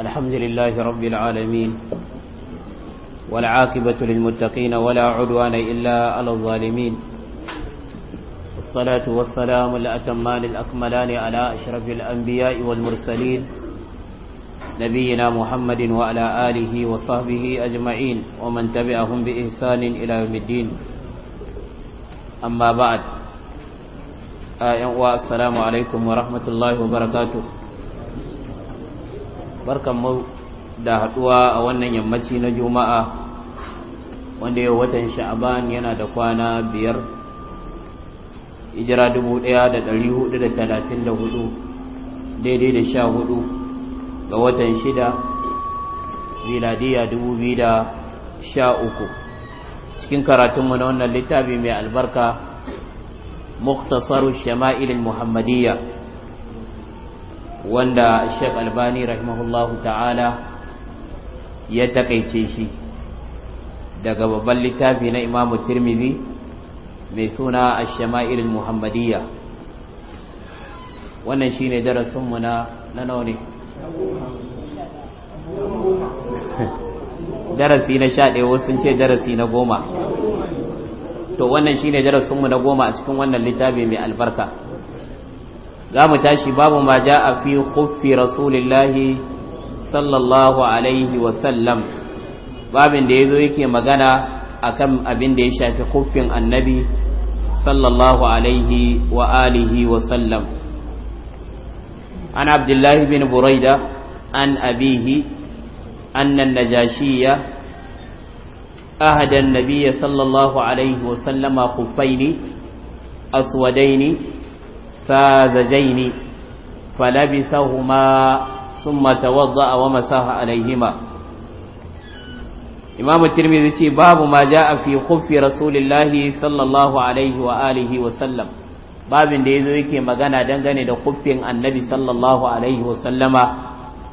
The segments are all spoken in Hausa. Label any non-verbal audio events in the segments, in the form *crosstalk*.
الحمد لله رب العالمين والعاقبة للمتقين ولا عدوان إلا على الظالمين الصلاة والسلام الأتمان الأكملان على أشرف الأنبياء والمرسلين نبينا محمد وعلى آله وصحبه أجمعين ومن تبعهم بإحسان إلى يوم الدين أما بعد آه السلام عليكم ورحمة الله وبركاته barkan mu da haduwa a wannan yammaci na juma'a wanda yau watan sha'aban yana da kwana biyar hijira 1434 daidai da sha hudu ga watan shida miladiya 2013 cikin karatunmu na wannan littafi mai albarka muktasar shama'ilin muhammadiyya wanda Sheikh Albani rahimahullahu ta'ala ya takaice shi daga babban littafi na Imam Tirmidhi mai suna Ash-Shama'il Muhammadiyya wannan shine darasin mu na na nawa ne *laughs* darasi na 11 wasu ce darasi na goma to wannan shine darasin mu na goma a cikin wannan littafi mai albarka za mu tashi babu ma ja a fi khuffi rasulillahi sallallahu alaihi wasallam babin da ya zo yake magana a kan abin da ya shafi kuffin annabi sallallahu alaihi wa alihi wasallam an abdullahi bin buraida an abihi annan najashiya ahadan nabiya sallallahu alaihi wasallama kuffaini aswadaini الساذجين فلبسهما ثم توضأ ومساه عليهما إمام الترمذي ce babu ma ja'a fi khuffi rasulillahi sallallahu alaihi wa alihi wa sallam babin da yazo yake magana dangane da khuffin annabi sallallahu alaihi wa sallama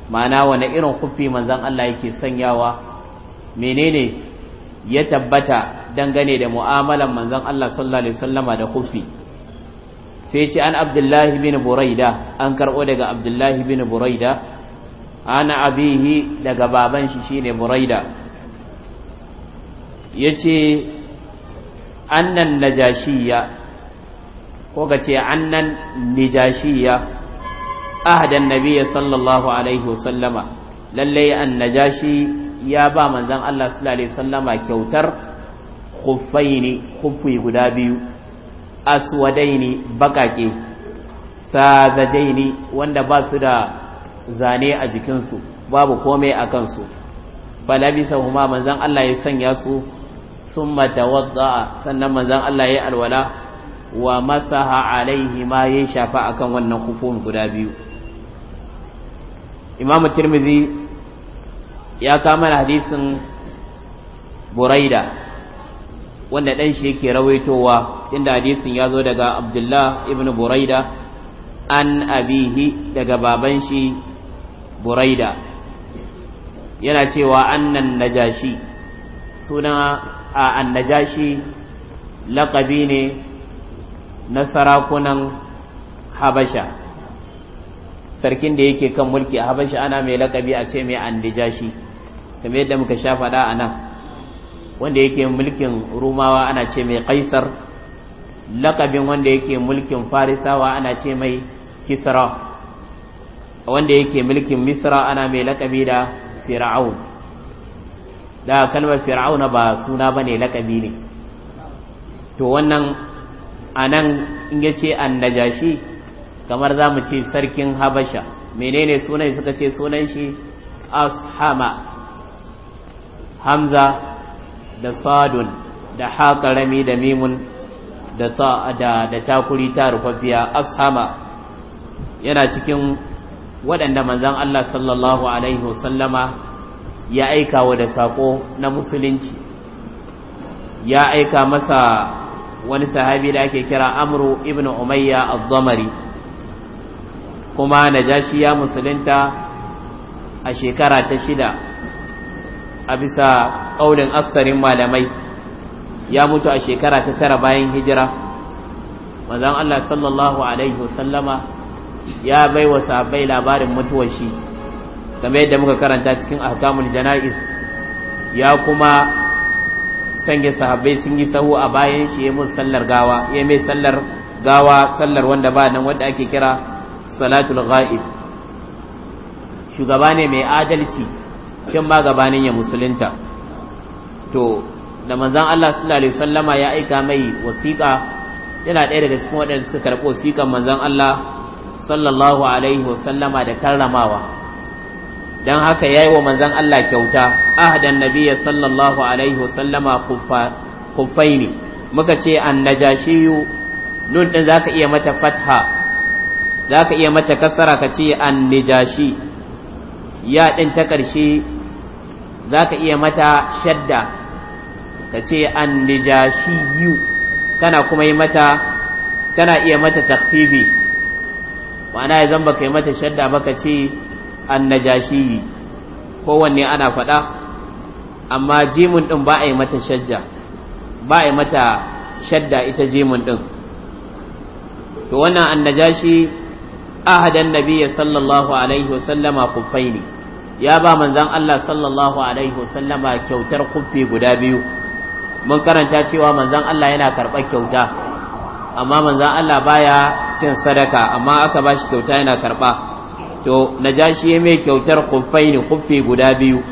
ma'ana wani irin khuffi manzon Allah yake sanyawa menene ya tabbata dangane da mu'amalan manzon Allah sallallahu alaihi wa sallama da khuffi sai ce an abdullahi bin buraida an karɓo daga abdullahi bin buraida ana abihi daga baban shi shine buraida ya ce annan najashiya ko ga ce annan najashiya ahadan nabiya sallallahu alaihi wasallama lallai an najashi ya ba manzan Allah sallallahu alaihi wasallama kyautar khuffaini khuffi guda biyu aswadaini bakake ne wanda ba su da zane a jikinsu babu komai a kansu falabisa huma manzan Allah ya sanya su sun matawadda sannan manzan Allah ya alwala wa masaha alaihi ma ya shafa akan wannan kufun guda biyu imam tirmizi ya kama hadisin buraida wanda dan shi yake rawaitowa inda hadisin ya zo daga abdullah ibn buraida an abihi daga Babanshi buraida yana cewa annan najashi suna a annajashi laƙabi ne na sarakunan habasha sarkin da yake kan mulki a habasha ana mai laƙabi a ce mai annajashi kamar yadda muka sha faɗa a nan wanda yake mulkin rumawa ana ce mai kaisar lakabin wanda yake mulkin farisawa ana ce mai kisra wanda yake mulkin misra ana mai lakabi da fir'aun da kalmar fir'aun ba suna bane lakabi ne to wannan anan in yace annajashi kamar za mu ce sarkin habasha menene sunan suka ce sunan shi ashama hamza da sadun da haƙarami da mimun da ta da da takuri ta rufaffiya ashama yana cikin waɗanda manzon Allah sallallahu alaihi wasallama ya aika wa da sako na musulunci ya aika masa wani sahabi da ake kira Amru ibn Umayya al zamari kuma Najashi ya musulunta a shekara ta shida a bisa ƙaunin aksarin malamai ya mutu a shekara ta tara bayan hijira wanzan Allah sallallahu alaihi wasallama ya bai wa sahabbai labarin mutuwar shi game yadda muka karanta cikin ahkamul janaiz ya kuma sanya sahabbai sun yi sahu a bayan shi ya mun sallar gawa ya mai sallar gawa sallar wanda ba nan wanda ake kira salatul ghaib shugaba ne mai adalci kin ma gabanin ya musulunta to da manzan Allah sallallahu alaihi wasallama ya aika mai wasiƙa yana ɗaya daga cikin waɗanda suka karɓi wasiƙan manzan Allah sallallahu alaihi wasallama da karramawa dan haka yayi wa manzan Allah kyauta ahdan nabiyyi sallallahu alaihi wasallama kuffaini muka ce annajashiyu nun din zaka iya mata fatha zaka iya mata kasara ka ce annijashi ya din ta ƙarshe zaka iya mata shadda ka ce an nijashiyu kana kuma yi mata kana iya mata takfifi ma'ana ya zamba ka yi mata shadda ba ka ce an yi kowanne ana faɗa amma jimin ɗin ba a yi mata shadda ba a yi mata shadda ita jimin ɗin to wannan an najashi ahadan nabiya sallallahu alaihi wasallama kufai ne ya ba manzan Allah sallallahu Alaihi wasallama kyautar kuffi guda biyu mun karanta cewa manzan Allah yana karɓar kyauta amma manzan Allah baya cin sadaka amma aka ba shi kyauta yana karɓa to na najashi ya mai kyautar kufai ne kufi guda biyu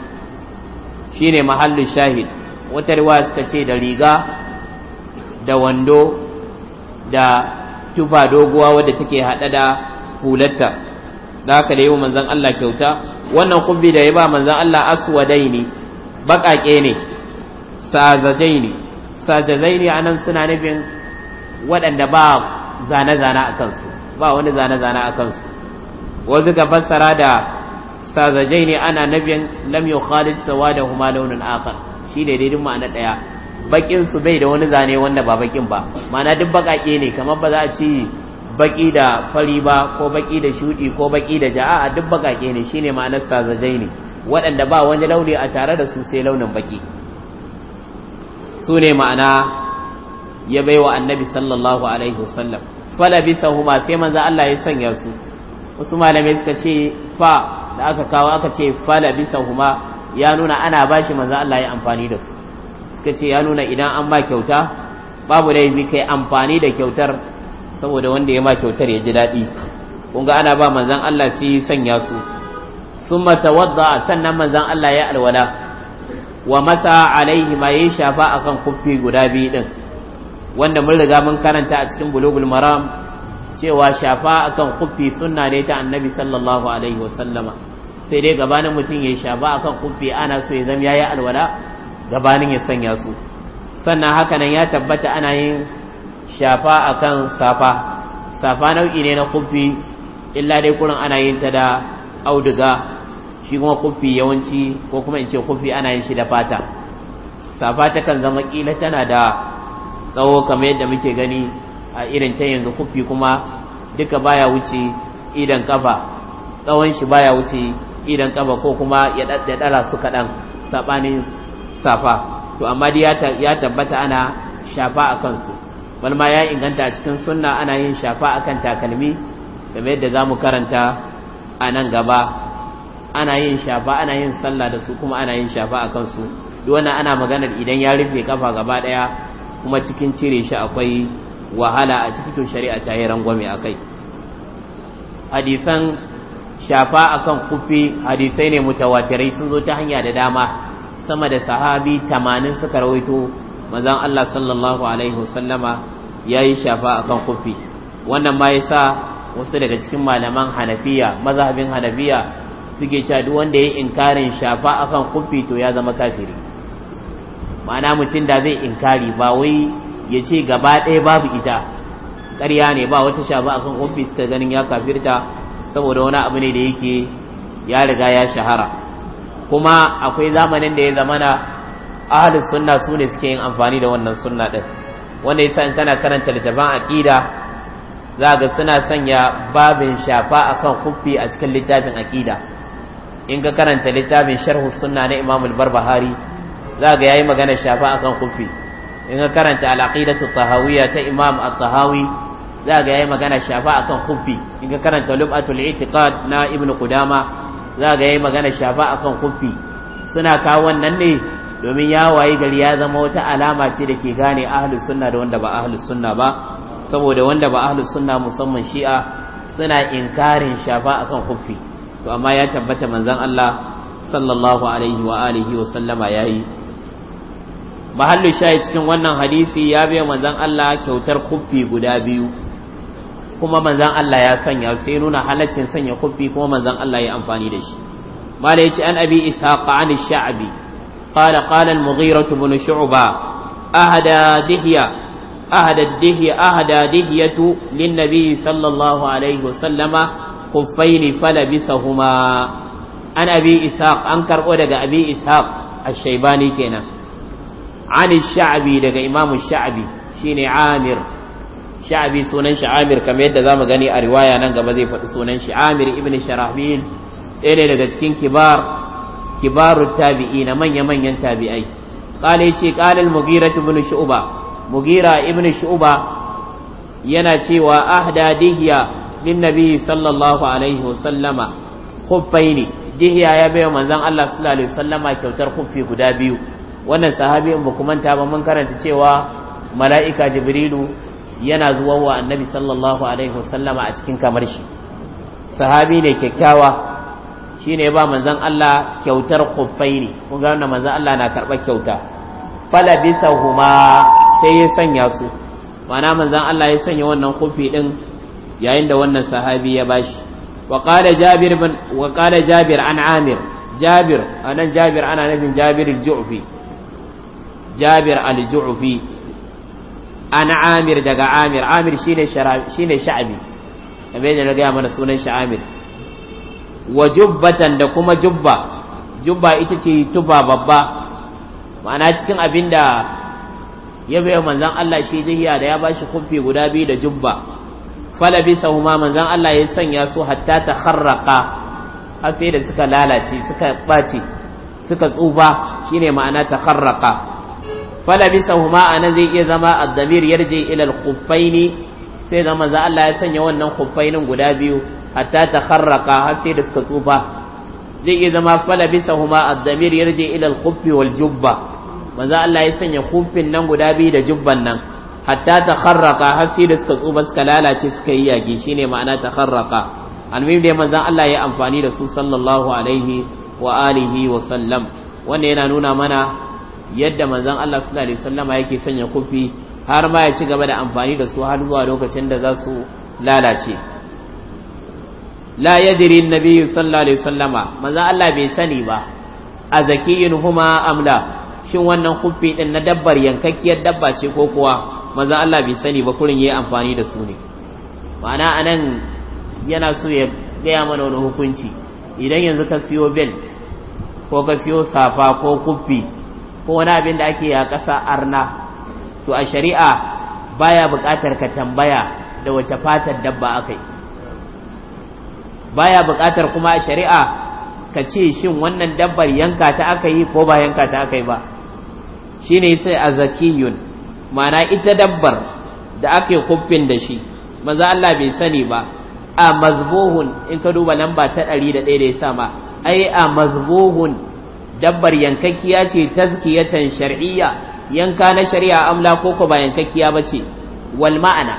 shi ne mahallin shahid wata riwaya suka ce da riga da wando da tufa doguwa wadda take haɗa da hulatta da aka da yi wa manzan Allah kyauta wannan kufi da ya ba manzan Allah aswadai ne baƙaƙe ne sajajaini sajajaini anan suna nufin waɗanda ba zane-zane a kansu ba wani zane-zane a kansu wanzu ga fassara da sajajaini ana nufin lam da huma launin akar shi ne daidai ma'ana daya bakin bai da wani zane wanda ba bakin ba mana duk bakake ne kamar ba za a ci baki da fari ba ko baki da shudi ko baki da ja'a duk bakake ne shine ma'anar ne waɗanda ba wani launi a tare da su sai launin baki su ne ma'ana ya bai wa annabi sallallahu alaihi wasallam bisa huma sai manzo Allah ya sanya su wasu malamai suka ce fa da aka kawo aka ce bisa huma ya nuna ana bashi manzo Allah ya amfani da su suka ce ya nuna idan an ba kyauta babu da bi kai amfani da kyautar saboda wanda ya ma kyautar ya ji daɗi kun ga ana ba manzon Allah sai sanya su summa tawadda sannan manzon Allah ya alwala wa masa alaihi ma yayi shafa akan kuffi guda biyu din wanda mun riga mun karanta a cikin bulugul maram cewa shafa akan kuffi sunna ne ta annabi sallallahu alaihi wasallama sai dai gabanin mutum ya shafa akan kuffi ana so ya zama yayi alwala gabanin ya sanya su sannan haka nan ya tabbata ana yin shafa akan safa safa nau'i ne na kuffi illa dai kurin ana yin ta da auduga shi kuma kufi yawanci ko kuma in ce kufi ana yin shi da fata safa ta kan zama kila tana da tsawo kamar yadda muke gani a irin ta yanzu kufi kuma duka baya wuce idan kafa tsawon shi baya wuce idan kafa ko kuma ya daddara su kaɗan saɓanin safa to amma dai ya tabbata ana shafa a kansu balma ya inganta a cikin sunna ana yin shafa a kan takalmi kamar yadda za mu karanta a nan gaba ana yin shafa ana yin sallah da su kuma ana yin shafa a kansu wannan ana maganar idan ya rufe kafa gaba daya kuma cikin cire shi akwai wahala a cikin shari'a ta yi rangwame a kai hadisan shafa a kan kufi hadisai ne mutawatirai sun zo ta hanya da dama sama da sahabi tamanin suka rawaito mazan Allah sallallahu alaihi wasallama yi shafa a kan kufi wannan ma sa wasu daga cikin malaman Hanafiya mazhabin Hanafiya suke cewa duk wanda ya inkarin shafa akan kufi to ya zama kafiri ma'ana mutum da zai inkari ba wai ya ce gaba ɗaya babu ita ƙarya ne ba wata shafa akan kufi suka ganin ya kafirta saboda wani abu ne da yake ya riga ya shahara kuma akwai zamanin da ya zamana ahalin sunna su ne suke yin amfani da wannan sunna ɗin wanda ya in kana karanta littafin aƙida za ga suna sanya babin shafa a kan kufi a cikin littafin aƙida in ka karanta littafin sharhu sunna na imam al-barbahari za ga yayi magana shafa akan kufi in ka karanta al-aqidatu tahawiyya ta imam at-tahawi za ga yayi magana shafa akan kufi in ka karanta lubatul itiqad na ibn qudama za ga yayi magana shafa akan kufi suna kawo wannan ne domin ya wayi gari ya zama wata alama ce da ke gane ahlus sunna da wanda ba ahlus sunna ba saboda wanda ba ahlus sunna musamman shi'a suna inkarin shafa akan kufi to amma ya tabbata manzan Allah sallallahu alaihi wa alihi wa sallama yayi mahallin shayi cikin wannan hadisi ya biya manzan Allah kyautar khuffi guda biyu kuma manzan Allah ya sanya sai nuna halaccin sanya kuffi kuma manzan Allah ya amfani da shi mala an abi isa an sha'abi qala qala al-mughira ibn shu'ba ahada dihya أهدى الدهية أهدى دهية للنبي sallallahu alaihi wa sallama. khuffaini falabisahuma an abi ishaq an karɓo daga abi ishaq ash-shaybani kenan an sha'bi daga imam sha'bi shine amir sha'bi sunan shi amir kamar yadda zamu gani a riwaya nan gaba zai faɗi sunan shi amir ibn sharahbil ɗaya ne daga cikin kibar tabi'i na manya manyan tabi'ai qala yace qala al-mughira ibn shu'ba mughira ibn shu'ba yana cewa ahda dihiya للنبي sallallahu alaihi wa sallama خفين دهيا يا بيو منزان الله صلى الله wa وسلم kyautar khuffi guda biyu wannan sahabi in baku manta ba mun karanta cewa mala'ika jibrilu yana zuwa wa annabi sallallahu alaihi sallama a cikin kamar shi sahabi ne kyakkyawa shine ba manzan Allah kyautar khuffaini kun ga wannan manzan Allah na karɓar kyauta fala bisahuma sai ya sanya su mana manzan Allah ya sanya wannan kufi ɗin. yayin da wannan sahabi ya bashi wa jabir bin wa jabir an amir jabir anan jabir ana nufin jabir al-ju'fi jabir al-ju'fi an amir daga amir amir shine shine sha'bi kamar yadda ga mana sunan shi amir wa jubbatan da kuma jubba jubba ita ce tuba babba ma'ana cikin abinda ya bayan manzon Allah shi zai da ya bashi kufi guda biyu da jubba falabisa huma manzan Allah ya sanya su hatta ta harraka har sai da suka lalace suka ɓace suka tsufa shine ma'ana ta harraka falabisa huma ana zai iya zama a addamir yarje ilal khuffaini sai zama manzan Allah ya sanya wannan khuffainin guda biyu hatta ta harraka har sai da suka tsufa zai iya zama falabisa huma addamir yarje ilal khuffi wal jubba manzan Allah ya sanya khuffin nan guda biyu da jubban nan hatta takharraqa har sai da suka tsuba suka lalace suka yi yaki shine ma'ana takharraqa almim da manzon Allah ya amfani da su sallallahu alaihi wa alihi wa sallam wannan yana nuna mana yadda manzon Allah sallallahu alaihi wasallama yake sanya kufi har ma ya ci gaba da amfani da su har zuwa lokacin da za su lalace la yadri annabi sallallahu alaihi wasallama manzon Allah bai sani ba a zakiyin huma amla shin wannan kufi din na dabbar yankakkiyar dabba ce ko kuwa maza Allah bai sani ba kurin yi amfani da su ne ma'ana anan yana so ya gaya mana wani hukunci idan yanzu ka siyo belt ko ka siyo safa ko kufi ko wani abin da ake a ƙasa arna to a shari'a baya buƙatar ka tambaya da wace fatar dabba akai baya buƙatar kuma a shari'a ka ce shin wannan dabbar yanka ta aka yi ko ba yanka ta aka yi ba shine sai a zakiyun mana ita dabbar da ake kuffin da shi manzo Allah bai sani ba a mazbuhun in ka duba lamba ta ɗari da ɗaya ya sama ai a mazbuhun dabbar yankakkiya ce tazkiyatan shar'iyya yanka na shari'a amla ko ko ba yankakkiya bace wal ma'ana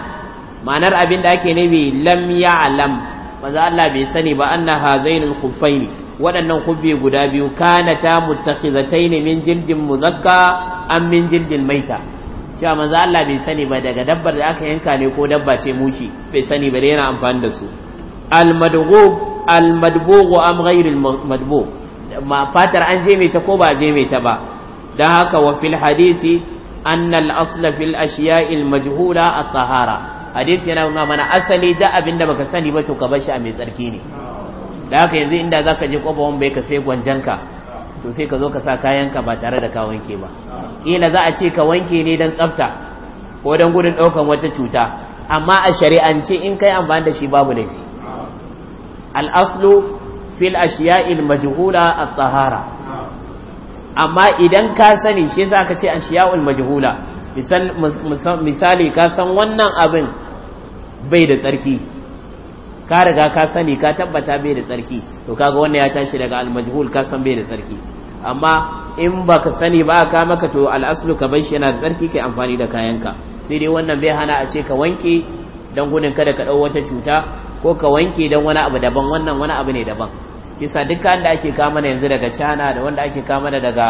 ma'anar abin da ake nemi lam ya'lam manzo Allah bai sani ba anna hazainul ne. waɗannan kubbe guda biyu kana ta mutakhizataini min jildin muzakka an min jildin maita cewa manzo Allah bai sani ba daga dabbar da aka yanka ne ko dabba ce mushi bai sani ba da yana amfani da su al-madghub al-madbugh am ghayr al-madbugh ma fatar an je mai ta ko ba je mai ta ba dan haka wa fil hadisi anna al-asl fil ashiya'i al-majhula at-tahara hadisi yana nuna mana asali da abinda baka sani ba to ka bar shi a mai tsarki ne da haka yanzu inda zaka je kofa bai ka sai gwanjanka to sai ka zo ka sa kayanka ba tare da ka wanke ba kila za a ce ka wanke ne don tsafta ko don gudun ɗaukan wata cuta amma a shari'ance in kai amfani da shi babu laifi al'aslu fil ashiya'il majhula at-tahara amma idan ka sani shi za ka ce ashiya'ul majhula misali ka san wannan abin bai da tsarki ka riga ka sani ka tabbata bai da tsarki to kaga wannan ya tashi daga al-majhul ka san bai da tsarki amma in ba ka sani ba ka maka to al'aslu ka bar shi yana da tsarki kai amfani da kayanka sai dai wannan bai hana a ce ka wanke don gudun kada ka ɗau wata cuta ko ka wanke don wani abu daban wannan wani abu ne daban kisa duka da ake kama da yanzu daga china da wanda ake kama da daga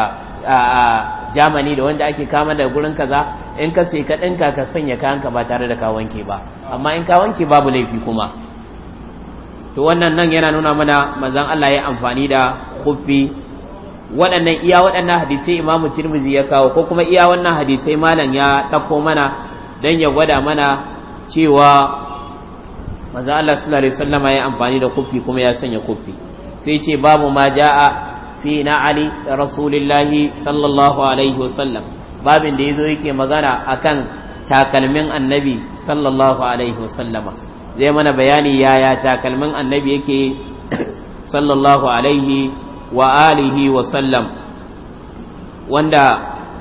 germany da wanda ake kama da gurin kaza in ka sai ka ɗinka ka sanya kayanka ba tare da ka wanke ba amma in ka wanke babu laifi kuma to wannan nan yana nuna mana manzon Allah ya amfani da kuffi waɗannan iya waɗannan hadisai imamu tirmizi ya kawo ko kuma iya wannan hadisai malam ya ɗauko mana don ya gwada mana cewa maza Allah sallallahu alaihi wasallama ya amfani da kufi kuma ya sanya kufi sai ce babu ma ja'a fi na ali rasulillahi sallallahu alaihi wasallam babin da yazo yake magana akan takalmin annabi sallallahu alaihi wasallama zai mana bayani yaya takalmin annabi yake sallallahu alaihi wa alihi wa sallam wanda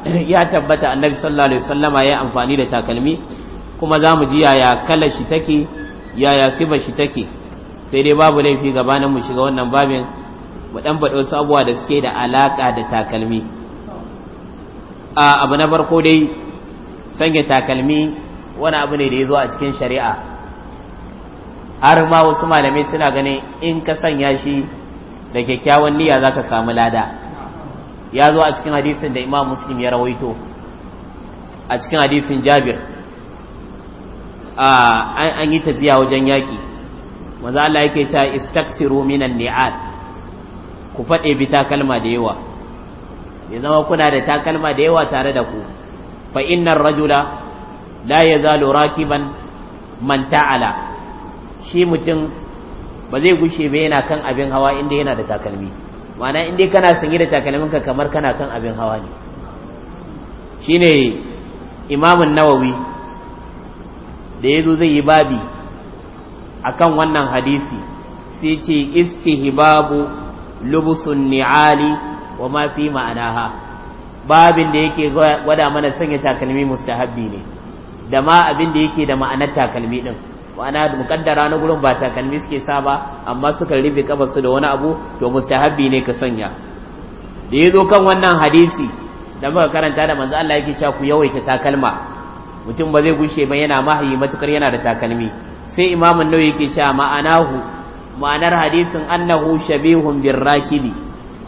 *clears throat* ya tabbata annabi sallallahu alaihi wasallama ya amfani da takalmi kuma za mu ji yaya kala shi take yaya siba shi take sai dai babu laifi gabanin mu shiga wannan babin mu dan wasu abubuwa da suke da alaka da takalmi a abu na farko dai sanya takalmi wani abu ne da ya zo a cikin shari'a har ma wasu malamai suna ganin in ka sanya shi da kyakkyawan niyya zaka samu lada ya zo a cikin hadisin da imam muslim ya rawaito a cikin hadisin jabir an yi tafiya wajen yaƙi maza Allah yake cewa istaksiru minan ni'at ku faɗe bi takalma da yawa ya zama kuna da takalma da yawa tare da ku fa innar rajula la zalo rakiban man ta'ala shi mutum ba zai gushe ba yana kan abin hawa inda yana da takalmi ma'ana inda kana sanye da takalminka kamar kana kan abin hawa ne shine imamun nawawi da ya zo zai yi babi a kan wannan hadisi sai ce hibabu lubusun ni'ali wa mafi ma'anaha babin da yake gwada mana sanya takalmi mustahabbi ne da ma abin da yake da ma'anar takalmi din ma'ana mukaddara na gurin ba takalmi suke sa ba amma suka rufe kafarsu da wani abu to mustahabbi ne ka sanya da yazo kan wannan hadisi da muka karanta da manzo Allah yake cewa ku yawaita takalma mutum ba zai gushe ba yana mahayi matukar yana da takalmi sai imamu nawawi yake cewa ma'anahu ma'anar hadisin annahu shabihun birrakibi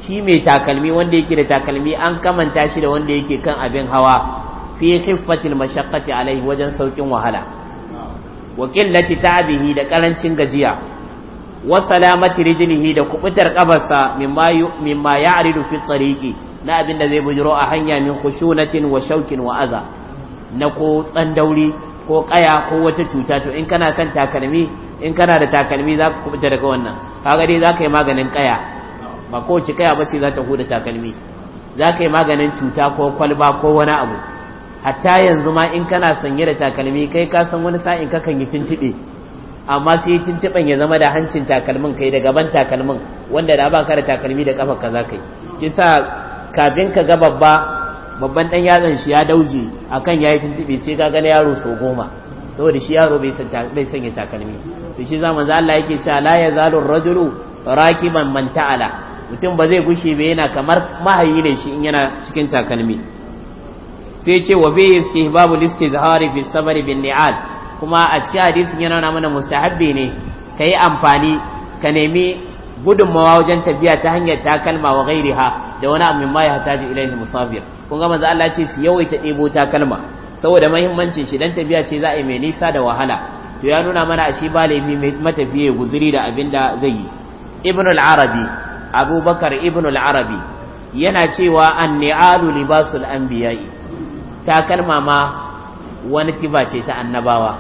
shi mai takalmi wanda yake da takalmi an kamanta shi da wanda yake kan abin hawa fi khiffatil mashaqqati alaihi wajen saukin wahala wa qillati ta'bihi da karancin gajiya wa salamati rijlihi da kubutar kabarsa mimma mimma ya'ridu fi tariqi na abinda zai bujiro a hanya min khushunatin wa shaukin wa aza na ko tsandauri ko kaya ko wata cuta to in kana kan takalmi in kana da takalmi za ka kubuta daga wannan kaga dai za ka yi maganin kaya ba kowace kaya ce za ta huda takalmi za ka yi maganin cuta ko kwalba ko wani abu hatta yanzu ma in kana sanye da takalmi kai ka san wani sa'in kakan yi tuntube amma sai yi ya zama da hancin takalmin kai da gaban takalmin wanda da ba ka da takalmi da kafa ka za kisa kafin ka ga babba babban dan yatsan shi ya dauje akan yayi tuntube sai ka ga yaro so goma saboda shi yaro bai san bai sanya takalmi to shi zaman za Allah yake cewa la zalur rajulu rakiban man ta'ala mutum ba zai gushe ba yana kamar mahayi ne shi in yana cikin takalmi sai ce wa bai istihbabu listizhari fi samari bin ni'al kuma a cikin hadisin yana nuna mana mustahabbi ne ka yi amfani ka nemi gudunmawa wajen tafiya ta hanyar takalma wa gairiha da wani abu ma ya hataji ilaihi musafir kun ga manzo Allah ce su yawaita ɗebo takalma saboda muhimmancin shi dan tafiya ce za a yi mai nisa da wahala to ya nuna mana a shi ba laifi mai matafiya guzuri da abin da zai yi ibn al-arabi abubakar ibn al-arabi yana cewa an-ni'alu libasul anbiya'i takalma ma wani kiba ce ta annabawa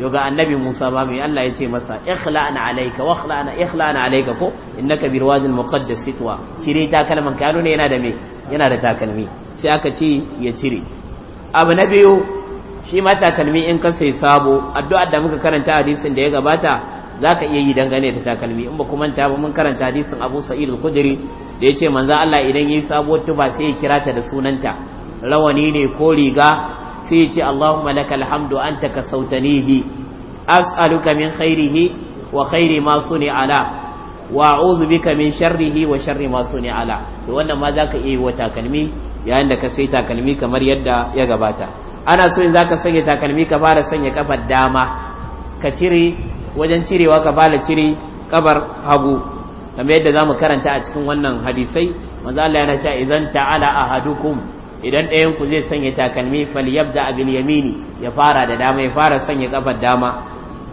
yau ga annabi Musa ba mai Allah ya ce masa ikhla'ana alaika wa ikhla'na ikhla'na alaika ko inna bil wadi al muqaddas sitwa cire takalman ka nuna yana da me yana da takalmi sai aka ce ya cire abu na biyu shi ma takalmi in ka sai sabo addu'ar da muka karanta hadisin da ya gabata za ka iya yi dangane da takalmi in ba kuma ta ba mun karanta hadisin Abu Sa'id al da da ce manzo Allah idan yi sabuwar tuba sai ya kira ta da sunanta rawani ne ko riga sai ce Allahumma lakal hamdu anta ka sautanihi as'aluka min khairihi wa khairi ma suni ala wa a'udhu bika min sharrihi wa sharri ma suni ala to wannan ma zaka iya wa takalmi yayin da ka sai takalmi kamar yadda ya gabata ana so in zaka sanya takalmi ka fara sanya kafar dama ka cire wajen cirewa ka fara cire kabar hagu kamar yadda zamu karanta a cikin wannan hadisai manzo Allah yana ala idan ta'ala ahadukum idan ɗayan ku zai sanya takalmi falyabda abin yamini ya fara da dama ya fara sanya kafar dama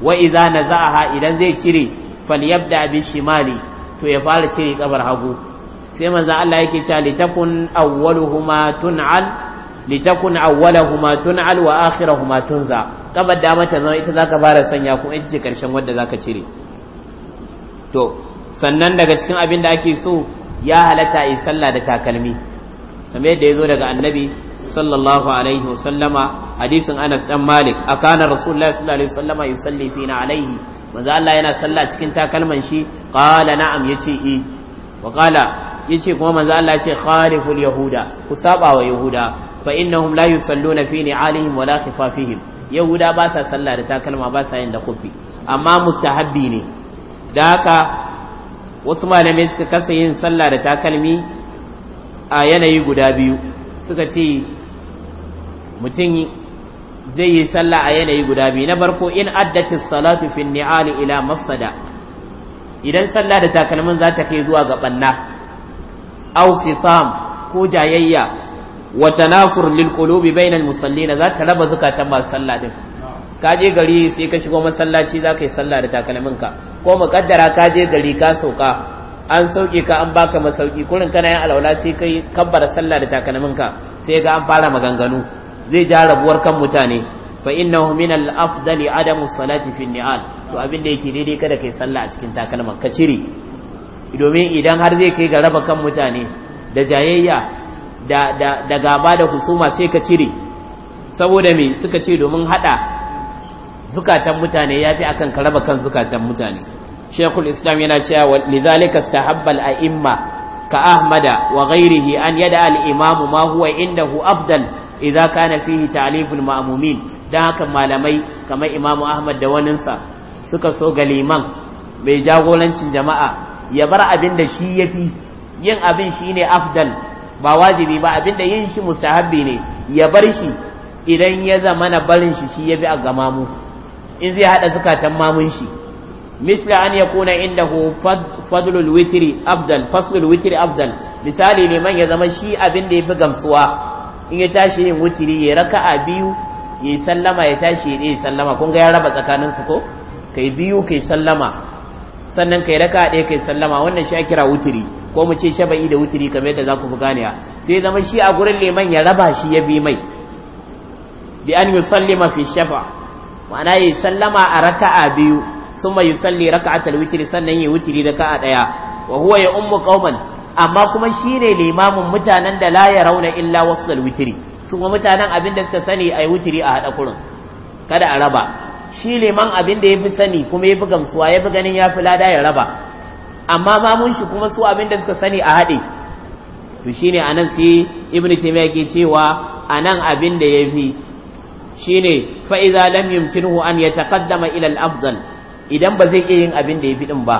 wa idza naza'aha idan zai cire falyabda abin shimali to ya fara cire kafar hagu sai manzo Allah yake cewa litakun awwaluhuma tun'al litakun awwaluhuma tun'al wa akhiruhuma tunza kafar dama ta zama ita zaka fara sanya kuma ita ce karshen wanda zaka cire to sannan daga cikin abin da ake so ya halatta yi sallah da takalmi kamar yadda ya zo daga annabi sallallahu alaihi wasallama hadisin anas dan malik akana rasulullahi sallallahu alaihi wasallama yusalli fina alaihi manzo Allah yana sallah cikin takalman shi qala na'am yace i eh. wa qala yace kuma manzo Allah yace khaliful yahuda ku saba wa yahuda fa innahum la yusalluna fi ni'alihim wala khifafihim yahuda ba sa sallah da takalma ba sa yin da kufi amma mustahabbi ne da haka wasu malamai suka kasa yin sallah da takalmi a yanayi guda biyu suka ce mutum zai yi sallah a yanayi guda biyu na farko in addati salatu fi ni'ali ila mafsada idan sallah da takalmin za ta kai zuwa ga banna aw sam ko jayayya wa tanafur lil qulubi bainal musallina za ta raba zakatan masu salla din ka je gari sai ka shigo masallaci za ka yi salla da takalmin ka ko muƙaddara ka je gari ka sauka an sauke ka an baka masauki kurin kana yin alwala sai kai kabbara sallah da takalminka sai ga an fara maganganu zai ja rabuwar kan mutane fa innahu min al afdali adamu salati fi ni'al to abin da yake daidai kada kai sallah a cikin takalman ka cire domin idan har zai kai ga raba kan mutane da jayayya da da da gaba da husuma sai ka cire saboda me suka ce domin hada zukatan mutane yafi akan ka raba kan zukatan mutane shekul islam yana cewa lidhalika a a'imma ka ahmada wa ghairihi an yada al imam ma huwa indahu afdal idza kana fihi ta'liful ma'mumin dan haka malamai kamar imam ahmad da waninsa suka so ga liman mai jagorancin jama'a ya bar abin da shi fi yin abin ne afdal ba wajibi ba abin da yin shi mustahabbi ne ya bar shi idan ya zama na barin shi shi yafi a gamamu in zai hada zukatan mamun shi misli an yakuna indahu fadlul witri afdal faslul witri afdal misali liman ya zama shi abinda da yafi gamsuwa in ya tashi yin witri ya raka'a biyu ya sallama ya tashi ya sallama kun ga ya raba tsakanin su ko kai biyu kai sallama sannan kai raka'a ɗaya kai sallama wannan shi kira witri ko mu ce shaba'i da witri kamar da za ku fi ganewa sai zama shi a gurin liman ya raba shi ya bi mai bi an yusallima fi shafa ma'ana ya sallama a raka'a biyu summa yusalli a witri sannan ya witri da ka'a ɗaya. wa huwa ya ummu qauman amma kuma shine limamin mutanen da la yarawna illa wasu witri su kuma mutanen abin da suka sani yi witri a hada kurin kada a raba shi liman abin da yafi sani kuma yafi gamsuwa yafi ganin yafi lada ya raba amma mamun shi kuma su abin da suka sani a hade to shine anan sai ibnu taymiya ke cewa anan abin da yafi shine fa idza lam yumkinuhu an yataqaddama ila al-afdal idan ba zai iya yin abin da ya fi din ba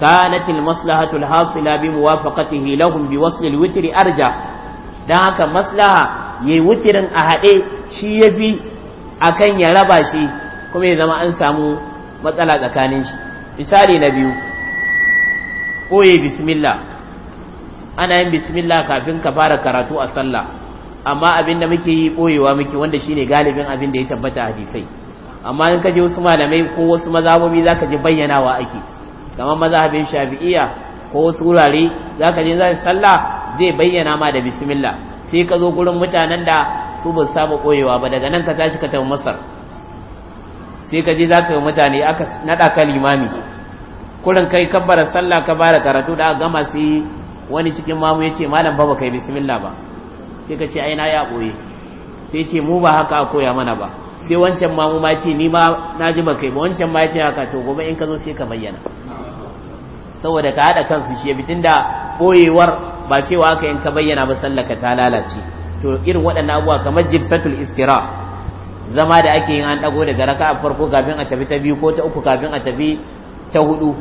kanatil maslahatul hasila bi muwafaqatihi lahum bi waslil witri arja dan haka maslaha yayi witrin a hade shi yafi akan ya raba shi kuma ya zama an samu matsala tsakanin shi misali na biyu koye bismillah ana yin bismillah kafin ka fara karatu a sallah amma abinda muke yi koyewa muke wanda shine galibin abin da ya tabbata hadisai amma in ka je wasu malamai ko wasu mazhabobi zaka ji bayyanawa ake kamar mazhabin shafi'iyya ko wasu wurare zaka je zai sallah zai bayyana ma da bismillah sai ka zo gurin mutanen da su ba samu koyewa ba daga nan ka tashi ka tafi masar sai ka je zaka yi mutane aka nada ka limami kurin kai kabbara sallah ka bara karatu da gama sai wani cikin mamu ya ce malam kai bismillah ba sai ka ce aina ya ɓoye sai ce mu ba haka a koya mana ba sai wancan ma mu ma ni ma na ji ba kai ba wancan ma ce haka to gobe in ka zo sai ka bayyana saboda ka haɗa kansu shi bitin da ɓoyewar ba cewa aka in ka bayyana ba sallaka ta lalace to irin waɗannan abuwa kamar jibsatul iskira zama da ake yin an ɗago daga raka a farko kafin a tafi ta biyu ko ta uku kafin a tafi ta hudu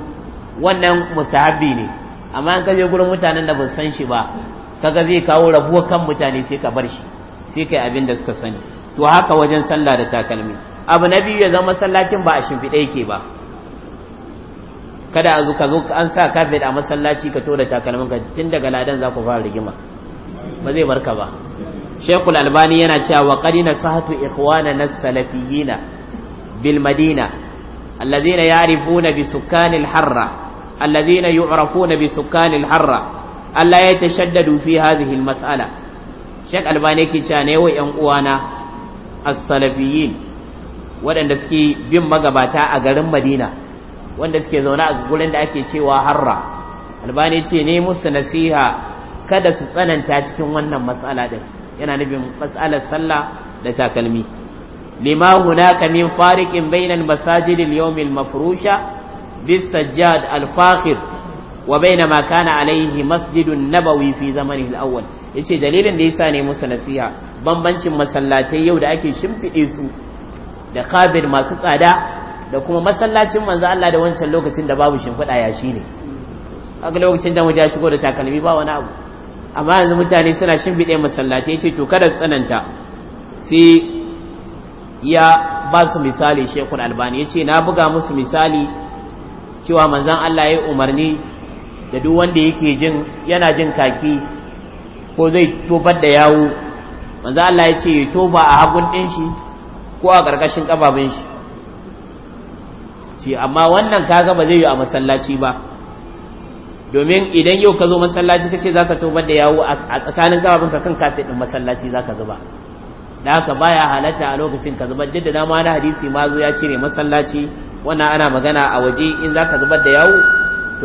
wannan mustahabbi ne amma an ka gurin mutanen da ba san shi ba kaga zai kawo rabuwa kan mutane sai ka bar shi sai kai abin da suka sani to haka wajen sallah da takalmi abu na biyu ya zama masallacin ba a shimfiɗe yake ba kada a zo ka zo an sa kafet a masallaci ka tura takalmin ka tun daga ladan za ku fara rigima ba zai barka ba shekul albani yana cewa wa qadina sahatu ikhwana nas salafiyina bil madina alladhina ya'rifuna bi sukkanil harra alladhina yu'rafuna bi sukkanil harra alla yatashaddadu fi hadhihi al mas'ala shek albani yake cewa ne wa yan uwana as-salafiyin waɗanda suke bin magabata a garin madina wanda suke zaune a gurin da ake cewa harra albani ce ne musu nasiha kada su tsananta cikin wannan matsala din yana nufin matsalar sallah da takalmi lima hunaka min fariqin bainal masajid al-yawm al-mafrusha bis-sajjad al-fakhir wa baina ma kana alayhi masjidun nabawi fi zamanihi al-awwal yace dalilin da yasa ne musu nasiha bambancin masallatai yau da ake shimfiɗe su da kabir masu tsada da kuma masallacin manzo Allah da wancan lokacin da babu shimfiɗa ya shi ne kaga lokacin da muja shigo da takalmi ba wani abu amma yanzu mutane suna shimfiɗe masallatai ce to kada tsananta sai ya ba su misali al albani ya ce na buga musu misali cewa manzan Allah ya umarni da duk wanda yake jin yana jin kaki ko zai tofar da yawo manzo Allah ya ce tofa a hagun din shi ko a karkashin kafafun shi ce amma wannan kaga ba zai yi a masallaci ba domin idan yau ka zo masallaci kace zaka tobar da yawo a tsakanin kafafun ka kan kafin din masallaci zaka zuba dan haka baya halatta a lokacin ka zubar duk da ma na hadisi ma zo ya cire masallaci wannan ana magana a waje in zaka zubar da yawo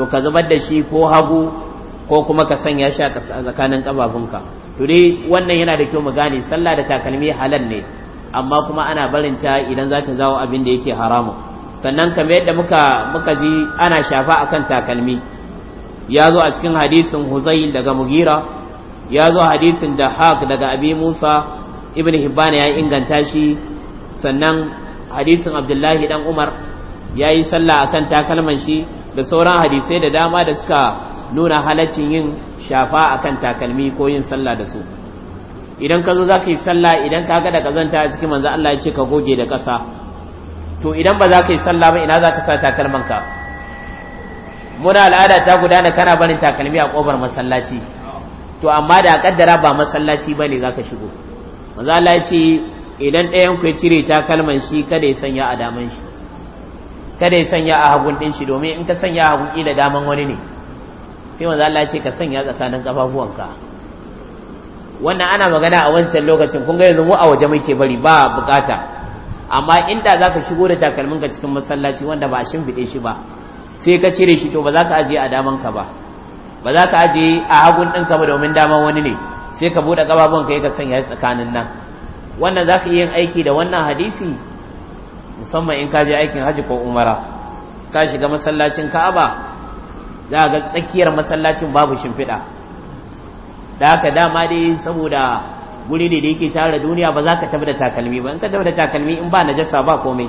to ka zubar da shi ko hagu ko kuma ka sanya shi a tsakanin kafafunka to wannan yana da kyau mu gane sallah da takalmi halal ne amma kuma ana barin ta idan za ta zawo abin da yake haramun sannan kamar yadda muka muka ji ana shafa akan takalmi ya zo a cikin hadisin huzayl daga Mugira ya zo hadisin da Haq daga Abi Musa Ibn Hibban ya inganta shi sannan hadisin Abdullahi dan Umar ya yi sallah akan takalman shi da sauran hadisai da dama da suka nuna halaccin yin shafa a kan takalmi ko yin sallah da su idan ka zo za yi sallah idan ka gada da kazanta a cikin manzo Allah ya ce ka goge da kasa to idan ba za yi sallah ba ina zaka sa takalman ka muna al'ada ta gudana kana barin takalmi a ƙofar masallaci to amma da kaddara ba masallaci ba ne za shigo manzo Allah ya ce idan ɗayan ku ya cire takalman shi kada ya sanya a daman shi kada ya sanya a hagun ɗin shi domin in ka sanya a hagun ƙila daman wani ne sai manzo Allah ya ce ka sanya tsakanin kafafuwanka wannan ana magana a wancan lokacin kun ga yanzu mu a waje muke bari ba bukata amma inda zaka shigo da takalmin ka cikin masallaci wanda ba shin bide shi ba sai ka cire shi to ba za ka aje a daman ka ba ba za ka aje a hagun ka ba domin daman wani ne sai ka buɗe ka ya ka sanya tsakanin nan wannan zaka ka yi yin aiki da wannan hadisi musamman in ka je aikin hajji ko umara ka shiga masallacin ka'aba za ga tsakiyar masallacin babu shimfiɗa da haka dama dai saboda guri ne da yake tara duniya ba za ka tafi da takalmi ba in ka tafi da takalmi in ba na jasa ba komai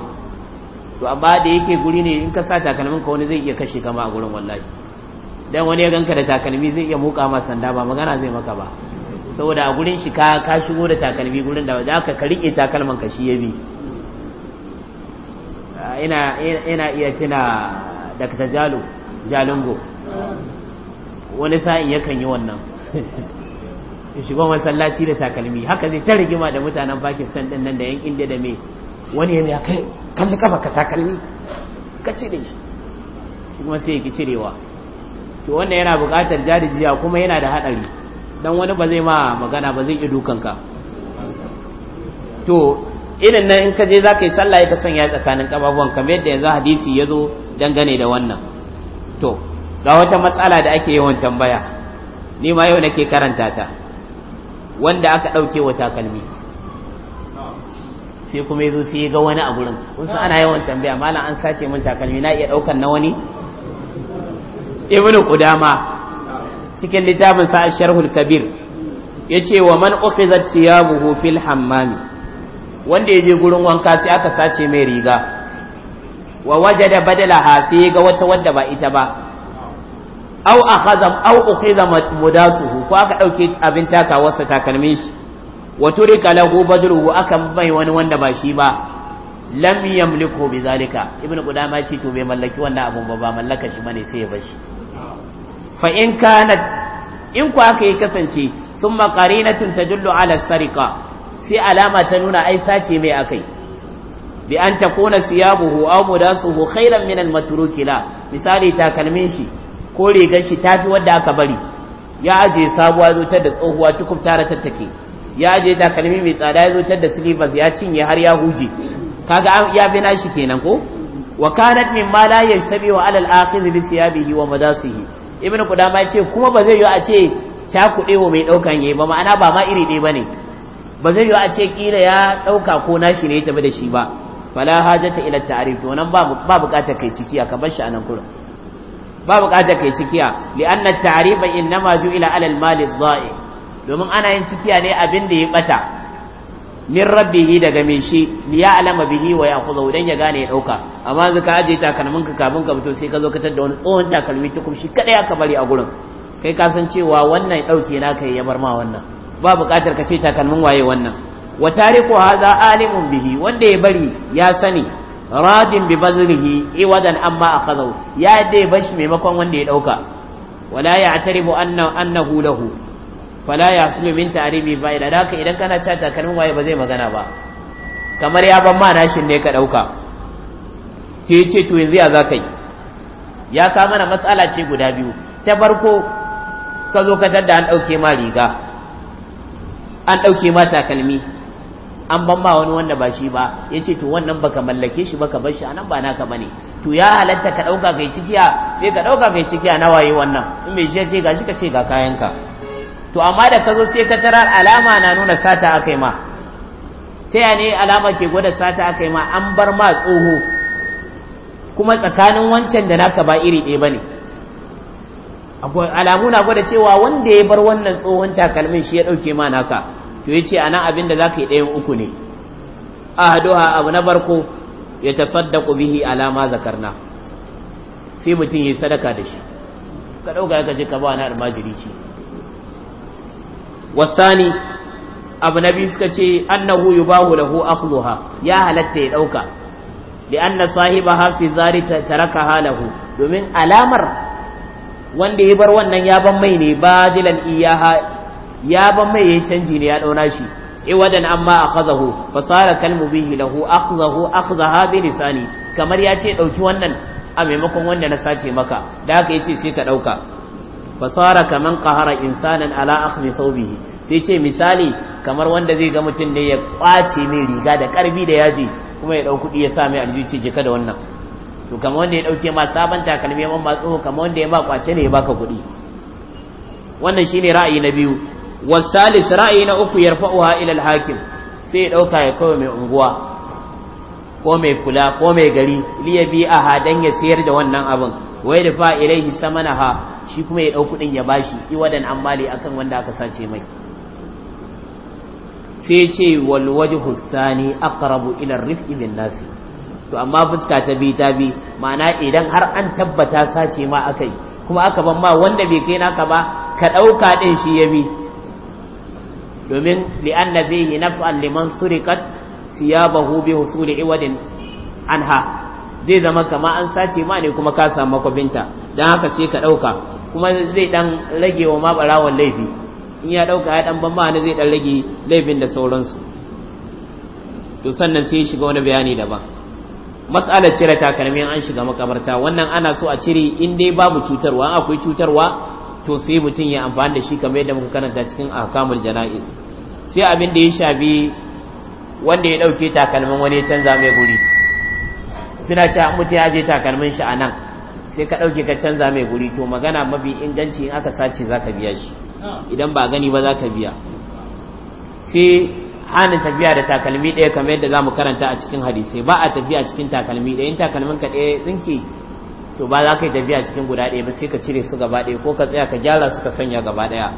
to amma da yake guri ne in ka sa takalmin ka wani zai iya kashe kama a gurin wallahi dan wani ya ganka da takalmi zai iya muka ma sanda ba magana zai maka ba saboda a gurin shi ka ka shigo da takalmi gurin da za ka rike takalman ka shi ya bi ina ina iya tuna da ta jalo jalungo wani sa'in yakan yi wannan *laughs* ya shigo masallaci da takalmi haka zai ta rigima da mutanen pakistan din nan da yan inda da me wani ya kai kalli kafa ka takalmi ka cire shi kuma sai ki cirewa to wannan yana buƙatar jarijiya kuma yana da haɗari don wani ba zai ma magana ba zai iya dukanka to irin nan in ka je za ka yi sallah ya ta sanya tsakanin ƙababuwan kamar yadda yanzu hadisi ya zo dangane da wannan to ga wata matsala da ake yawan tambaya ni ma yau nake karanta ta wanda aka ɗauke wa takalmi sai kuma yazo sai ga wani a gurin kun san ana yawan tambaya malam an sace min takalmi na iya ɗaukan na wani ibnu Kudama cikin littafin sa sharhul kabir yace wa man ukhizat thiyabuhu fil hammam wanda yaje gurin wanka sai aka sace mai riga wa wajada badalaha sai ga wata wadda ba ita ba au akhadha au ukhidha mudasuhu ko aka dauke abin takawarsa takalmin shi wa turika lahu badruhu aka mai wani wanda ba shi ba lam yamliku bizalika ibnu qudama ce to bai mallaki wannan abun ba ba mallaka shi bane sai ya bashi fa in kanat in ku aka yi kasance summa qarinatun tadullu ala sarika sai alama ta nuna ai sace mai akai bi an takuna siyabuhu aw mudasuhu khairan min al-matruki la misali takalmin shi ko rigar shi ta fi wadda aka bari ya aje sabuwa zo da tsohuwa tukum tara tattake ya aje takalmi mai tsada ya zo da silifas ya cinye har ya huje kaga ya bi nashi kenan ko wa kanat min ma la yashtabi wa alal aqiz bi siyabihi wa madasihi ibn qudama ya ce kuma ba zai yi a ce ta kuɗe wa mai ɗaukan yayi ba ma'ana ba ma iri ɗaya bane ba zai yi a ce kila ya ɗauka ko nashi ne ya tafi da shi ba fala hajata ila ta'rif to nan ba ba bukatar kai ciki a bar shi anan kurin ba bukatar kai cikiya li anna ta'riba innama ila ala al alal mali dhai domin ana yin cikiya ne abin da ya bata min rabbihi daga mai shi li alama bihi wa ya'khudhu dan ya gane ya dauka amma yanzu ka aje takalminka ka kafin ka fito sai ka zo ka tada wani tsohon takalmi tukum shi kadai aka bari a gurin kai ka san cewa wannan dauke na kai ya bar ma wannan ba bukatar ka ce takalmin waye wannan wa tariku hadha alimun bihi wanda ya bari ya sani radin bi bazrihi iwadan amma akhadahu ya dai bashi maimakon wanda ya dauka wala ya'taribu anna annahu lahu fala yaslu min ta'ribi ba idan haka idan kana cewa takalmin waye ba zai magana ba kamar ya ban ma nashin ne ka dauka Ke ce to yanzu ya zakai ya ka mana matsala ce guda biyu ta farko ka zo ka tadda an dauke ma riga an dauke ma takalmi an ban ba wani wanda ba shi ba ya ce to wannan baka mallake shi baka bar shi anan ba naka bane to ya halatta ka ɗauka kai cikiya sai ka ɗauka kai cikiya na waye wannan in mai shi ce gashi ka ce ga kayanka to amma da ka zo sai ka tarar alama na nuna sata akai ma ta ya ne alama ke gwada sata akai ma an bar ma tsoho kuma tsakanin wancan da naka ba iri ɗaya bane alamu na gwada cewa wanda ya bar wannan tsohon takalmin shi ya ɗauke ma naka to ce ana abin da ka yi ɗayan uku ne a haduwa abu na barko ya tasaddaqu bihi alama zakarna sai mutum yi sadaka da shi ka ɗauka ya kaji ka ba na almajiri ce wasani abu biyu suka ce annahu yubahu lahu akhdhuha ya halatta ya ɗauka li na sahiba hafi zari taraka halahu domin alamar wanda ya bar wannan ya ban mai ne ba badilan iyaha ya ban mai yayin canji ne ya dauna shi iwadan amma fa fasara kalmu bihi lahu akhazahu akhazaha bi lisani kamar ya ce dauki wannan a maimakon wanda na sace maka da haka yace sai ka dauka fasara kaman qahara insanan ala akhmi thawbihi sai ce misali kamar wanda zai ga mutum ne ya kwace min riga da karbi da yaji kuma ya dau kudi ya sa mai aljici jika da wannan to kamar wanda ya dauke ma sabon takalmi ba matso kamar wanda ya ba kwace ne ya baka kudi wannan shine ra'ayi na biyu wasalis ra'ayi na uku yarfa'uha ila al-hakim sai dauka ya kawo mai unguwa ko mai kula ko mai gari liya bi aha ya sayar da wannan abin wai da fa ilaihi samanaha shi kuma ya dau kudin ya bashi iwadan amali akan wanda aka sace mai sai ce wal wajhu thani aqrabu ila rifqi bin nas to amma fuska ta bi ta bi ma'ana idan har an tabbata sace ma akai kuma aka ban ma wanda bai kai naka ba ka dauka din shi ya bi domin li'anna bihi naf'an liman surikat siyabahu bi husuli iwadin anha zai zama kama an sace ma ne kuma ka samu makwabinta don haka sai ka dauka kuma zai dan rage wa maɓarawan laifi in ya ɗauka ya dan bamba ne zai dan rage laifin da sauransu to sannan sai shiga wani bayani daban matsalar cire takalmin an shiga makabarta wannan ana so a cire in dai babu cutarwa akwai cutarwa to sai mutum ya amfani da shi kamar yadda muka karanta cikin ahkamul jana'iz sai abin da ya shafi wanda ya dauke takalmin wani ya canza mai guri suna ce mutu ya je takalmin shi a nan sai ka dauke ka canza mai guri to magana mafi inganci in aka sace za ka biya shi idan ba gani ba za ka biya sai hannun tafiya da takalmi ɗaya kamar yadda za mu karanta a cikin hadisai ba a tafiya cikin takalmi ɗaya in takalmin ka ɗaya tsinke to ba za ka yi tafiya cikin guda ɗaya ba sai ka cire su gaba ɗaya ko ka tsaya ka gyara su ka sanya gaba ɗaya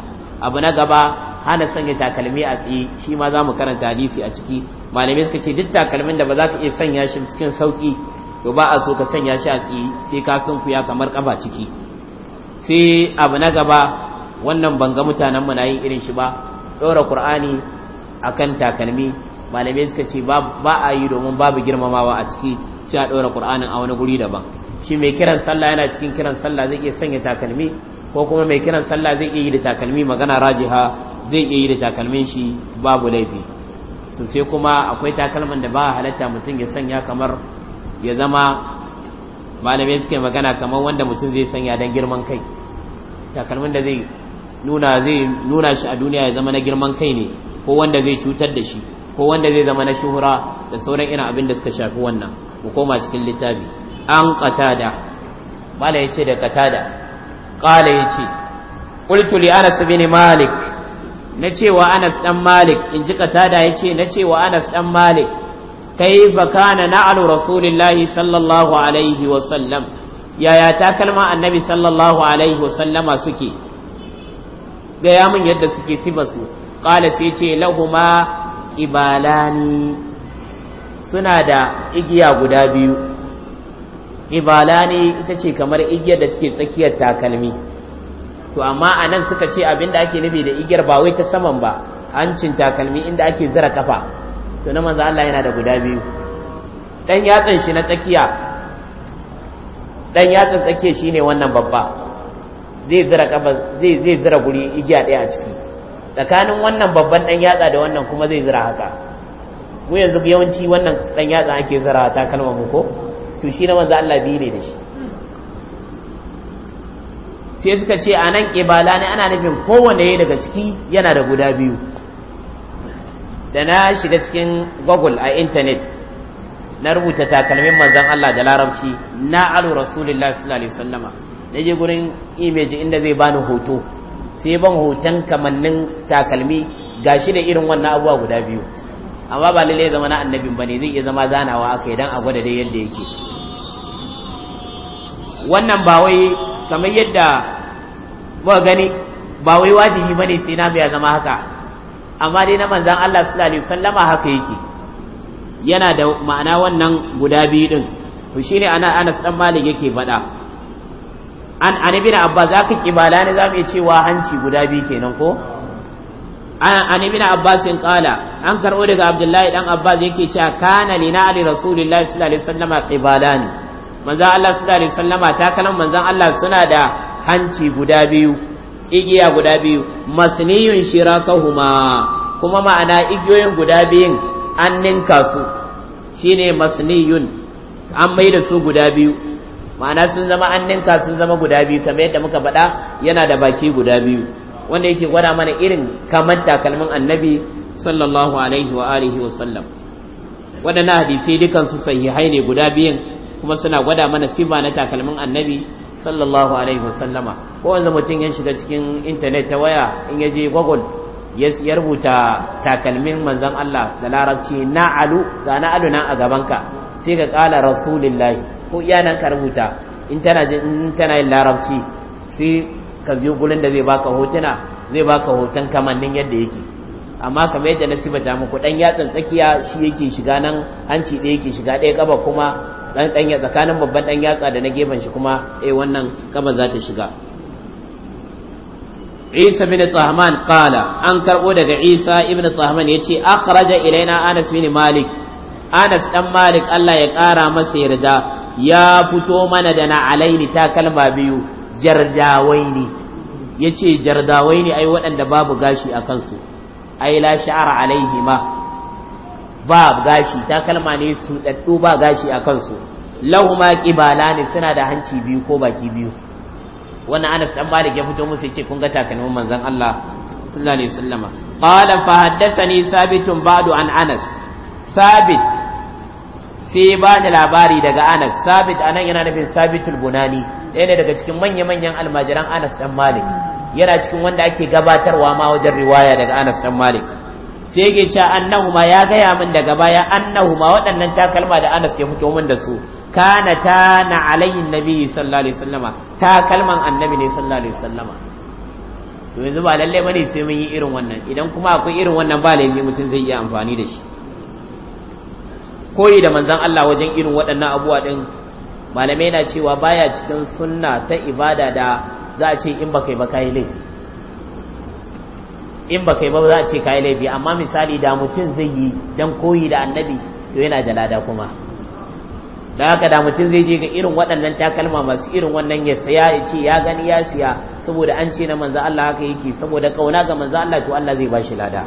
abu na gaba hana sanya takalmi a tsaye shi ma za mu karanta hadisi a ciki malamai suka ce duk takalmin da ba za ka iya sanya shi cikin sauki to ba a so ka sanya shi a tsaye sai ka ya kamar kafa ciki sai abu na gaba wannan ban ga mutanen na yin irin shi ba ɗora qur'ani akan takalmi malamai suka ce ba a yi domin babu girmamawa a ciki sai a ɗora qur'anin a wani guri daban shi mai kiran sallah yana cikin kiran sallah zai iya sanya takalmi ko kuma mai kiran sallah zai iya yi da takalmi magana rajiha zai iya yi da takalmin shi babu laifi su sai kuma akwai takalmin da ba halatta mutum ya sanya kamar ya zama malamai suke magana kamar wanda mutum zai sanya don girman kai takalmin da zai nuna zai nuna shi a duniya ya zama na girman kai ne ko wanda zai cutar da shi ko wanda zai zama na shuhura da sauran irin abin da suka shafi wannan mu koma cikin littafi an qatada mala yace da qatada qala yace qultu li anas bin malik na cewa anas dan malik in ji katada ya ce na cewa anas dan malik kai na na'alu rasulillahi sallallahu alaihi wasallam yaya takalma annabi sallallahu alaihi wasallama suke gaya min yadda suke sifarsu ƙala sai ce lahuma ibalani suna da igiya guda biyu ibalani ita ce kamar igiyar da take tsakiyar takalmi to amma a nan suka ce abin da ake nufi da igiyar ba wai ta saman ba hancin takalmi inda ake zira kafa to na manzo Allah yana da guda biyu dan yatsan shi na tsakiya dan yatsan tsakiya shine wannan babba zai zira kafa zai zai zira guri igiya daya a ciki tsakanin wannan babban dan yatsa da wannan kuma zai zira haka mu yanzu yawanci wannan dan yatsa ake zira takalma mu ko to shi na manzo Allah biyu ne da shi sai suka ce a nan ƙibala ne ana nufin kowane daga ciki yana da guda biyu da na shiga cikin google a intanet na rubuta takalmin manzan Allah da larabci na alu rasulullah sallallahu alaihi wasallama na je gurin image inda zai bani hoto sai ban hoton kamannin takalmi ga shi da irin wannan abuwa guda biyu amma ba lalai zama na annabin bane zai iya zama zanawa aka idan a gwada dai yadda yake wannan ba wai kamar yadda muka gani ba wai wajibi bane sai na ya zama haka amma dai na manzan Allah sallallahu alaihi wasallama haka yake yana da ma'ana wannan guda biyu din to shine ana Anas dan Malik yake faɗa an an abba za ka kibala ne mu iya cewa hanci guda biyu kenan ko an an ibn Abbas in kala an karbo daga Abdullahi dan Abbas yake cewa kana lina ali Rasulullahi sallallahu alaihi wasallama ne manzan Allah sallallahu alaihi wasallama ta kalan manzan Allah suna da hanci guda biyu igiya guda biyu masniyun shirakahuma kuma ma'ana igiyoyin guda biyun an ninka su shine masniyun an mai da su guda biyu ma'ana sun zama an ninka sun zama guda biyu kamar yadda muka faɗa yana da baki guda biyu wanda yake gwada mana irin kamar takalmin annabi sallallahu alaihi wa alihi wa sallam waɗannan hadisi dukansu sahihai ne guda biyun kuma suna gwada mana sifa na takalmin annabi sallallahu alaihi wasallama ko wanda mutum ya shiga cikin intanet ta waya in ya je google ya rubuta takalmin manzon Allah da larabci na'alu ga na'alu nan a gaban ka sai ka kala rasulillahi ko iyanan ka rubuta in tana in tana yin larabci sai ka biyo gurin da zai baka hotuna zai baka hoton kamannin yadda yake amma kamar yadda na ta muku dan yatsan tsakiya shi yake shiga nan hanci ɗaya yake shiga ɗaya gaba kuma dan dan tsakanin babban dan yatsa da na gefen shi kuma eh wannan kaba za ta shiga Isa bin Tahman qala an karbo daga Isa ibn Tahman yace akhraja ilaina Anas bin Malik Anas dan Malik Allah ya kara masa yarda ya fito mana da na alaini ta kalma biyu jardawaini yace jardawaini ai waɗanda babu gashi a kansu ai la sha'ar alaihima ba gashi takalma ne su daddu ba gashi a kansu lahuma ne suna da hanci biyu ko baki biyu wannan Anas dan Malik ya fito musu yace kun ga takalmin manzan Allah sallallahu alaihi wasallam qala fa haddathani sabitun ba'du an Anas sabit fi bani labari daga Anas sabit anan yana nufin sabitul bunani ɗaya ne daga cikin manya-manyan almajiran Anas dan Malik yana cikin wanda ake gabatarwa ma wajen riwaya daga Anas dan Malik sai yake cewa annahuma ya gaya min daga baya annahuma waɗannan takalma da Anas ya fito min da su kana ta na alayhi nabi sallallahu alaihi wasallama takalman annabi ne sallallahu alaihi wasallama to yanzu ba lalle bane sai mun yi irin wannan idan kuma akwai irin wannan ba laifi mutum zai iya amfani da shi koyi da manzon Allah wajen irin waɗannan abubuwa din malamai na cewa baya cikin sunna ta ibada da za a ce in baka yi ba laifi in ba kai ba za a ce kai laifi amma misali da mutum zai yi dan koyi da annabi to yana da lada kuma da haka da mutum zai je ga irin waɗannan takalma masu irin wannan ya saya ya ce ya gani ya siya saboda an ce na manzo Allah haka yake saboda kauna ga manzo Allah to Allah zai bashi lada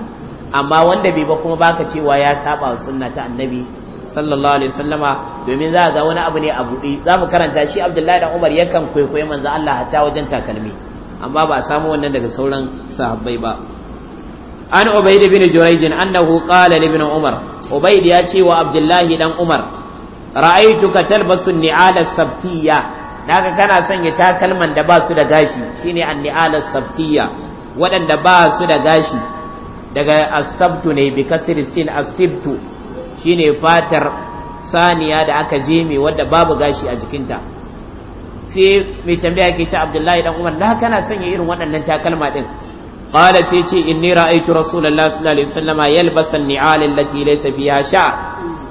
amma wanda bai ba kuma baka cewa ya saba sunna ta annabi sallallahu alaihi wasallama domin za ga wani abu ne a buɗe za mu karanta shi abdullahi dan umar yakan kwaikwayi manzo Allah hatta wajen takalmi amma ba a samu wannan daga sauran sahabbai ba an ubaid bin jurayj annahu qala li ibn umar ubaid ya ce wa abdullahi dan umar ra'aytuka talbasu ni'ala sabtiyya daga kana sanya takalman da ba su da gashi shine an ni'ala sabtiyya waɗanda ba su da gashi daga sabtu ne bi kasri sin asibtu shine fatar saniya da aka jeme wadda babu gashi a jikinta sai mai tambaya ke ce abdullahi dan umar na kana sanya irin waɗannan takalma din قال تيتي ce inni رسول الله sallallahu alaihi عليه yalbasa يلبس النعال التي ليس فيها sha'r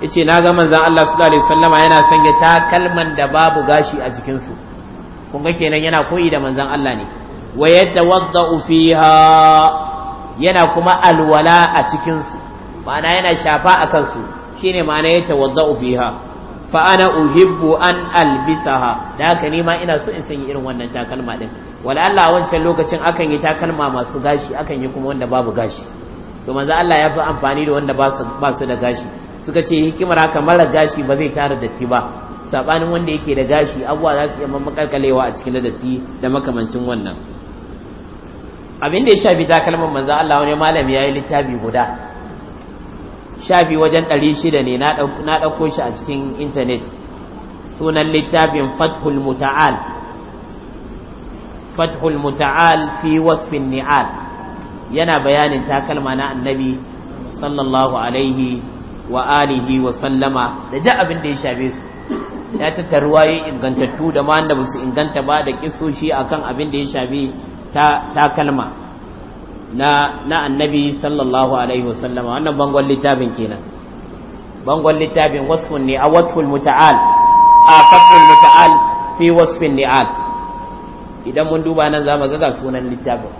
yace na ga manzan Allah sallallahu alaihi wasallama yana sanya takalman da babu gashi a jikin su kun ga kenan yana koyi da manzan Allah ne wa yatawaddau fiha yana kuma alwala a cikin su ma'ana yana shafa akan su shine ma'ana yatawaddau fiha fa ana uhibbu an albisaha da haka ni ma ina so in sanya irin wannan takalma din wala Allah wancan lokacin akan yi takalma masu gashi akan yi kuma wanda babu gashi to manzo Allah ya fi amfani da wanda ba su da gashi suka ce hikimar haka mara gashi ba zai tara datti ba sabanin wanda yake da gashi abuwa za su iya mamakalkalewa a cikin datti da makamancin wannan abin da ya shafi takalman manzo Allah wani malami ya yi littafi guda shafi wajen 600 ne na ɗauko shi a cikin intanet sunan littafin fathul muta'al fathul muta'al fi wasfin ni'al yana bayanin takalma na annabi sallallahu alaihi wa alihi wa sallama da duk abin da ya shafe su ya tattara ruwaye ingantattu da ma'an da ba su inganta ba da kisoshi akan abin da ya shafe ta takalma na na annabi sallallahu alaihi wasallama wannan bangon littafin kenan bangon littafin wasfun ne a wasful muta'al a kafin muta'al fi wasfin ni'al idan mun duba nan za ga ga sunan littafin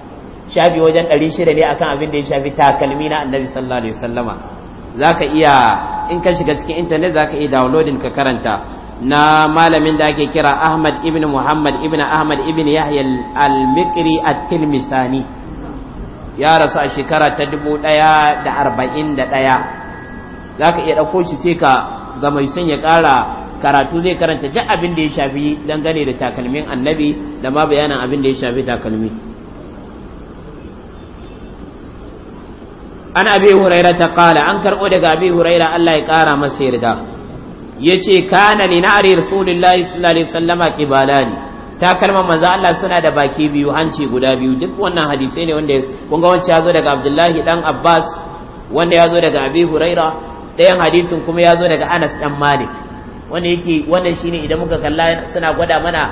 shafi wajen 600 ne akan abin da ya shafi takalmi na annabi sallallahu alaihi wasallama zaka iya in ka shiga cikin internet zaka iya downloading ka karanta na malamin da ake kira Ahmad ibn Muhammad ibn Ahmad ibn Yahya al-Mikri at-Tilmisani ya rasu a shekara ta dubu ɗaya da arba'in da ɗaya za ka iya ɗauko shi ce ka ga mai son ya ƙara karatu zai karanta duk abin da ya shafi dangane da takalmin annabi da ma bayanan abin da ya shafi takalmi an abi huraira ta kala an karɓo daga abi huraira Allah ya ƙara masa yarda ya ce kana ni na ari rasulullahi sallallahu alaihi wasallama kibalani takalman manzo Allah suna da baki biyu hanci guda biyu duk wannan hadisai ne wanda kun ga wancan yazo daga Abdullahi dan Abbas wanda yazo daga Abi Huraira Dayan hadisin kuma yazo daga Anas dan Malik wanda yake wannan shine idan muka kalla suna gwada mana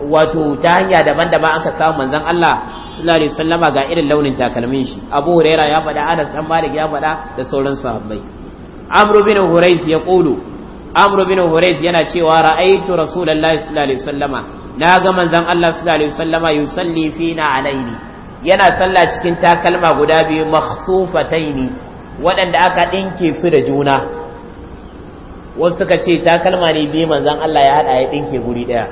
wato ta hanya daban-daban aka samu manzon Allah sallallahu alaihi wasallama ga irin launin takalmin shi Abu Huraira ya faɗa Anas dan Malik ya faɗa da sauran sahabbai Amr bin Hurais ya qulu Amr bin Hurais yana cewa ra'aytu Rasulullahi sallallahu alaihi wasallama na ga manzan Allah sallallahu alaihi wasallama yusalli fina alaini yana sallah cikin takalma guda biyu makhsufataini waɗanda aka dinke su da juna wasu suka ce takalma ne biyu manzan Allah ya hada ya dinke guri daya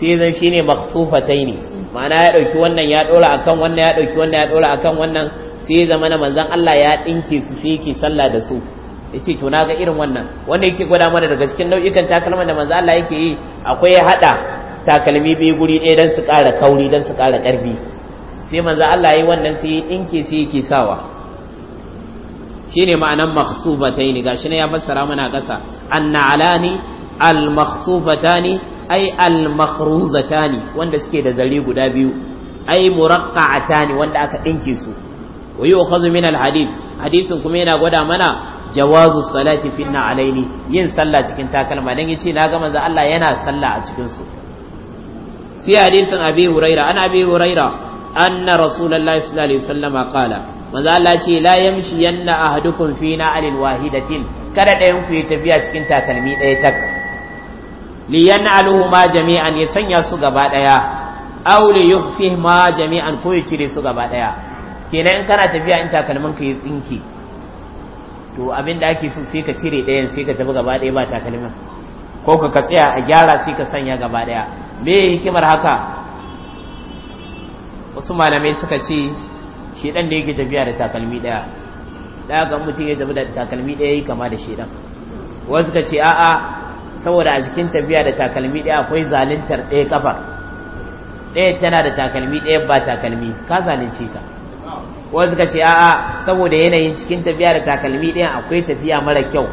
sai zan shine makhsufataini ma'ana ya dauki wannan ya dora akan wannan ya dauki wannan ya dora akan wannan sai zama manzan Allah ya dinke su sai ke sallah da su yace to naga irin wannan wanda yake gwada mana daga cikin nau'ikan takalman da manzo Allah yake yi akwai hada takalmi biyu guri ɗaya dan su ƙara kauri dan su ƙara ƙarfi sai manzo Allah yayi wannan sai dinke sai yake sawa shine ma'anan makhsubataini gashi ne ya fassara mana kasa anna alani al makhsubatani ay al wanda suke da zare guda biyu ay muraqqa'atani wanda aka dinke su wa khazu min al hadisin kuma yana gwada mana jawazu salati finna alaini yin sallah cikin takalma dan yace na ga manzo Allah yana sallah a cikin su fi hadithin abi huraira ana abi huraira anna rasulullahi sallallahu alaihi wasallam qala manzo Allah ce la yamshi yanna ahadukum fi alil wahidatin kada ɗayan ku yi tafiya cikin takalmi ɗaya tak li yan'aluhu ma jami'an ya sanya su gaba ɗaya aw li yukhfi ma jami'an ko ya cire su gaba ɗaya kenan in kana tafiya in takalmin ka ya tsinki to abin da ake so sai ka cire ɗayan sai ka tafi gaba ɗaya ba takalmin ko ka katsaya a gyara sai ka sanya gaba ɗaya me hikimar haka wasu malamai suka ce ɗan da yake tafiya da takalmi ɗaya ɗaya ga mutum ya tafi da takalmi ɗaya yi kama da ɗan wasu ka ce a'a saboda a cikin tafiya da takalmi ɗaya akwai zaluntar ɗaya kafa ɗaya tana da takalmi ɗaya ba takalmi ka zalunce ka wanda suka ce a'a saboda yanayin cikin tafiya da takalmi ɗin akwai tafiya mara kyau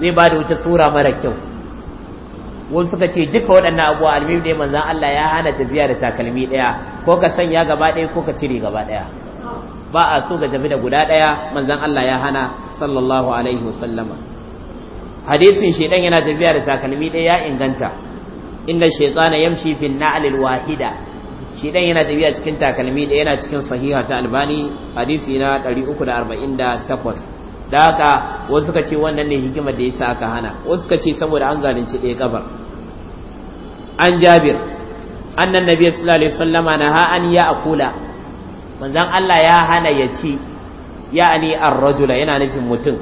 zai ba da wata tsura mara kyau wasu suka ce duka waɗannan abuwa almim ne manzan Allah ya hana tafiya da takalmi ɗaya ko ka sanya gaba ɗaya ko ka cire gaba ɗaya ba a so ga tafi da guda ɗaya manzan Allah ya hana sallallahu alaihi wasallama hadisin shedan yana tafiya da takalmi ɗaya ya inganta inda shaytana yamshi fi na'lil wahida shi dan yana tafiya cikin takalmi da yana cikin sahiha ta albani hadisi na 348 da haka wasu suka ce wannan ne hikimar da yasa aka hana wasu suka ce saboda an zalunci ɗaya kabar an jabir annan nabi sallallahu alaihi wasallama ha an ya akula manzon Allah ya hana ya ci ya'ani ar-rajula yana nufin mutum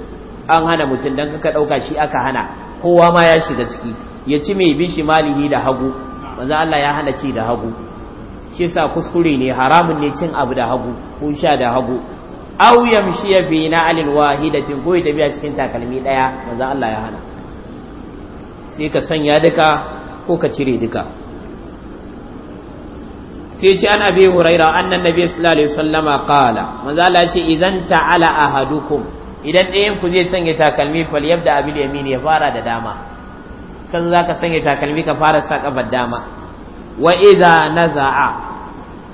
an hana mutum dan kaka dauka shi aka hana kowa ma ya shiga ciki ya ci mai bishi malihi da hagu manzon Allah ya hana ci da hagu shi sa kuskure ne haramun ne cin abu da hagu ko sha da hagu aw yamshi fi na'alin wahidatin ko ya tafiya cikin takalmi daya manzo Allah ya hana sai ka sanya duka ko ka cire duka sai ce an abi huraira annan nabi sallallahu alaihi wasallama qala manzo Allah ya ce idan ta'ala ahadukum idan ɗayan ku zai sanya takalmi fal yabda abil yamin ya fara da dama kan zaka sanya takalmi ka fara sa kafar dama wa idza naza'a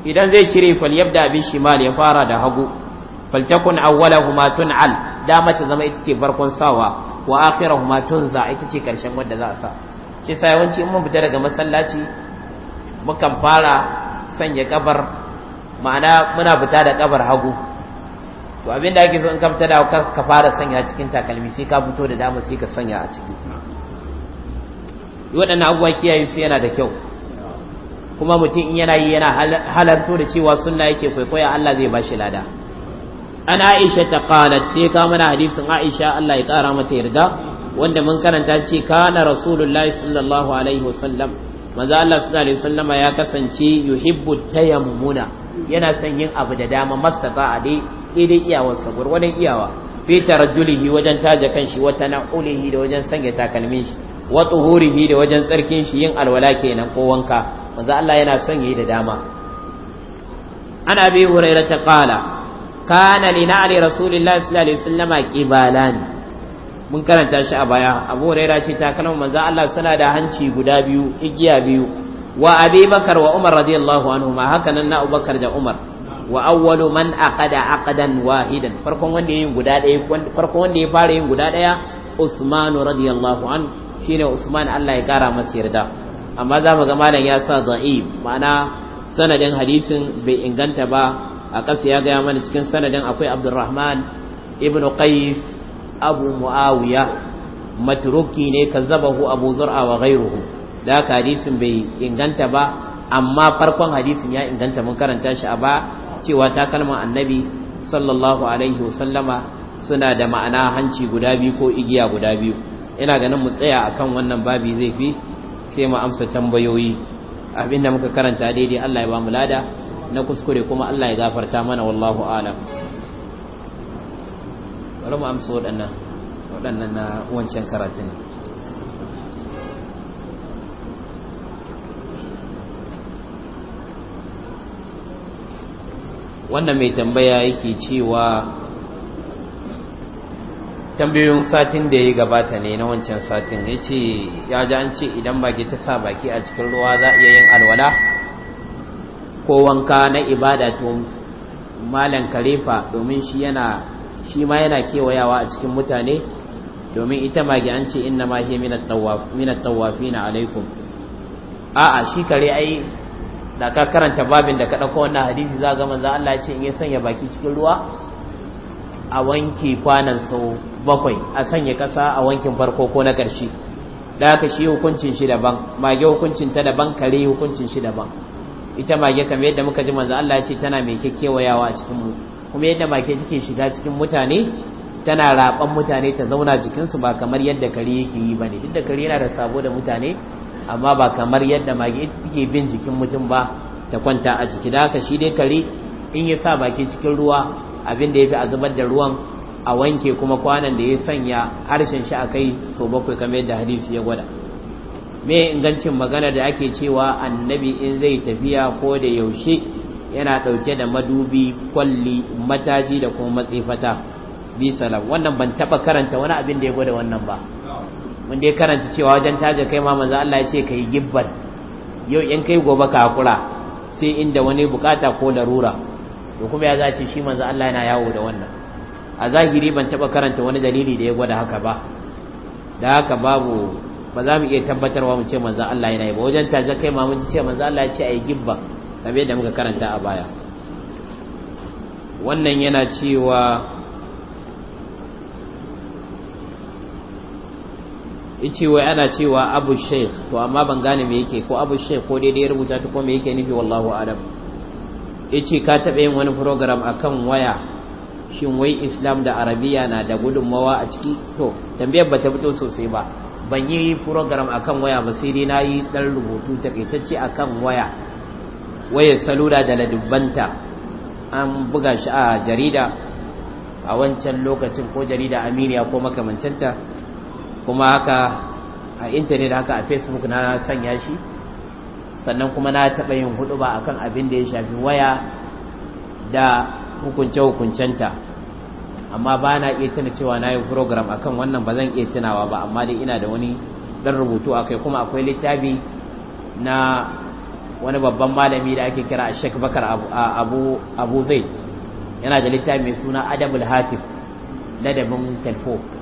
idan zai cire falyabda bi shimal ya fara da hagu faltakun awwalahuma tun'al dama ta zama ita ce farkon sawa wa akhirahuma tunza ita ce karshen wanda za a sa shi sai yawanci in mun fita daga masallaci mukan fara sanya kabar ma'ana muna fita da kabar hagu to abin da ake so in ka fita da ka fara sanya cikin takalmi sai ka fito da dama sai ka sanya a ciki waɗannan abubuwa kiyaye su yana da kyau kuma mutum in yana yi yana halarto da cewa sunna yake kwaikwaya Allah zai bashi lada an Aisha ta qalat sai ka mana hadisin Aisha Allah ya kara mata yarda wanda mun karanta ce kana rasulullahi sallallahu alaihi wasallam manzo Allah sallallahu alaihi wasallam ya kasance yuhibbu tayammuna yana son yin abu da dama mastafa a dai daidai iyawar sabur wani iyawa fi tarjulihi wajen taje kanshi wa tanaulihi da wajen sanya takalmin shi wa tuhurihi da wajen tsarkin shi yin alwala kenan ko wanka manzo Allah yana son yayi da dama ana bi hurairah ta qala kana li na'li rasulillahi sallallahu alaihi wasallama qibalan mun karanta shi a baya abu hurairah ce ta kalmar manzo Allah suna da hanci guda biyu igiya biyu wa abi bakar wa umar radiyallahu anhuma haka nan na abubakar da umar wa awwalu man aqada aqdan wahidan farkon wanda guda daya farkon wanda ya fara yin guda daya usman radiyallahu an shine usman Allah ya kara masa yarda amma za mu ga malam ya sa za'ib ma'ana sanadin hadisin bai inganta ba a ƙasa ya gaya mana cikin sanadin akwai abdurrahman ibn qais abu muawiya matruki ne kazzabahu abu zur'a wa ghayruhu da ka hadisin bai inganta ba amma farkon hadisin ya inganta mun karanta shi a ba cewa kalmar annabi sallallahu alaihi wasallama suna da ma'ana hanci guda biyu ko igiya guda biyu ina ganin mu tsaya akan wannan babi zai fi sai mu amsa tambayoyi abinda muka karanta daidai Allah ya ba mu lada na kuskure kuma Allah ya gafarta mana wallahu alam bari mu amsa waɗannan waɗannan na wancan karatun wannan mai tambaya yake cewa tambayoyin satin da ya gabata ne na wancan satin ya ce ya ji an ce idan baki ta sa baki a cikin ruwa za a iya yin alwala ko wanka na ibada to malan karefa domin shi yana shi ma yana kewayawa a cikin mutane domin ita magi an ce inna ma hiya minat tawafina alaikum a'a shi kare ai da ka karanta babin da ka dauko wannan hadisi za ga manzo Allah ya ce in ya sanya baki cikin ruwa a wanke kwanan sau bakwai a sanya kasa a wankin farko ko na ƙarshe da aka shi hukuncin shi daban mage hukuncin ta daban kare hukuncin shi daban ita mage kamar yadda muka ji manzo Allah ce tana mai kekewayawa a cikin mu kuma yadda mage take shiga cikin mutane tana raban mutane ta zauna jikin su ba kamar yadda kare yake yi bane duk da kare yana da sabo da mutane amma ba kamar yadda mage take bin jikin mutum ba ta kwanta a jiki da aka shi dai kare in ya sa baki cikin ruwa abin da ya fi a zubar da ruwan a wanke kuma kwanan da ya sanya harshen shi a kai so bakwai kamar yadda hadisi ya gwada me ingancin magana da ake cewa annabi in zai tafiya ko da yaushe yana ɗauke da madubi kwalli mataji da kuma matsifata bi salam wannan ban taba karanta wani abin da ya gwada wannan ba mun dai karanta cewa wajen taje kai ma manzo Allah ya ce kai gibban yau in kai gobe ka hakura sai inda wani bukata ko darura, to kuma ya zace shi manzo Allah yana yawo da wannan a zahiri ban taba karanta wani dalili da ya gwada haka ba da haka babu ba za mu iya tabbatarwa mu ce manzan Allah yana yi ba wajen tajar kai ma mun ce manzan Allah ya ce a yi gibba kamar yadda muka karanta a baya wannan yana cewa yace wai ana cewa abu sheikh to amma ban gane me yake ko abu sheikh ko daidai rubuta ta ko me yake nufi wallahu alam yace ka taɓa yin wani program akan waya shin wai islam da arabiya na da gudunmawa a ciki to tambayar ba ta fito sosai ba ban yi program akan waya ba sai dai na yi ɗan rubutu takaitacce kan waya wayar salula da ladubbanta an buga shi a jarida a wancan lokacin ko jarida aminiya ko makamancinta kuma haka a intanet haka a facebook na sanya shi sannan kuma na taɓa yin hudu ba akan abin da ya shafi waya da hukunce-hukuncenta amma ba na iya tuna cewa na yi program a kan wannan ba zan iya tunawa ba amma dai ina da wani dan rubutu akai kuma akwai littafi na wani babban malami da ake kira shek Bakar Abu zai yana da littafi mai suna Adabul Hatif ladabin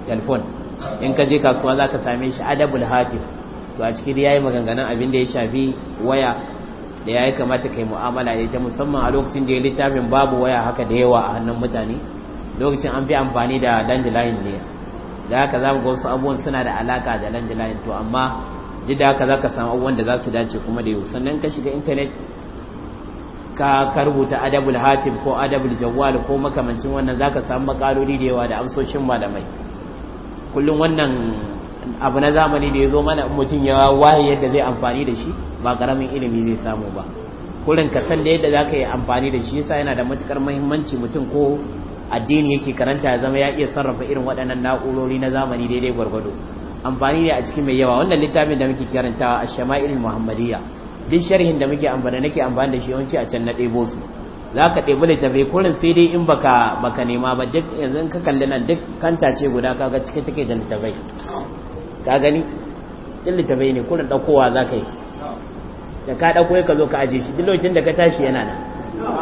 telefon in ka je kasuwa za ka same shi Adabul Hatif to a cikin yi maganganun abin da ya shafi waya da ya yi kamata kai mu'amala ne ta musamman a lokacin da ya littafin babu waya haka da yawa a hannun mutane lokacin an fi amfani da landline ne da haka za mu ga wasu abubuwan suna da alaka da landline to amma duk da haka za ka samu abubuwan da za su dace kuma da yau sannan ka shiga intanet ka rubuta adabul hatim ko adabul jawwal ko makamancin wannan za ka samu makaloli da yawa da amsoshin malamai kullum wannan abu na zamani da ya zo mana mutum ya waye yadda zai amfani da shi ba karamin ilimi zai samu ba kurin ka san da yadda za ka yi amfani da shi yasa yana da matukar mahimmanci mutum ko addini yake karanta ya zama ya iya sarrafa irin waɗannan na'urori na zamani daidai gwargwado amfani ne a cikin mai yawa wannan littafin da muke karantawa a shama'il muhammadiyya duk sharhin da muke amfani nake amfani da shi yawanci a can na ɗebo su za ka ɗebi littafai kurin sai dai in baka nema ba duk yanzu ka kalli nan duk kanta ce guda kaga cikin take da littafai ka gani duk littafai ne kuna ɗaukowa za ka yi da ka ɗauko ka zo ka aje shi duk lokacin da ka tashi yana nan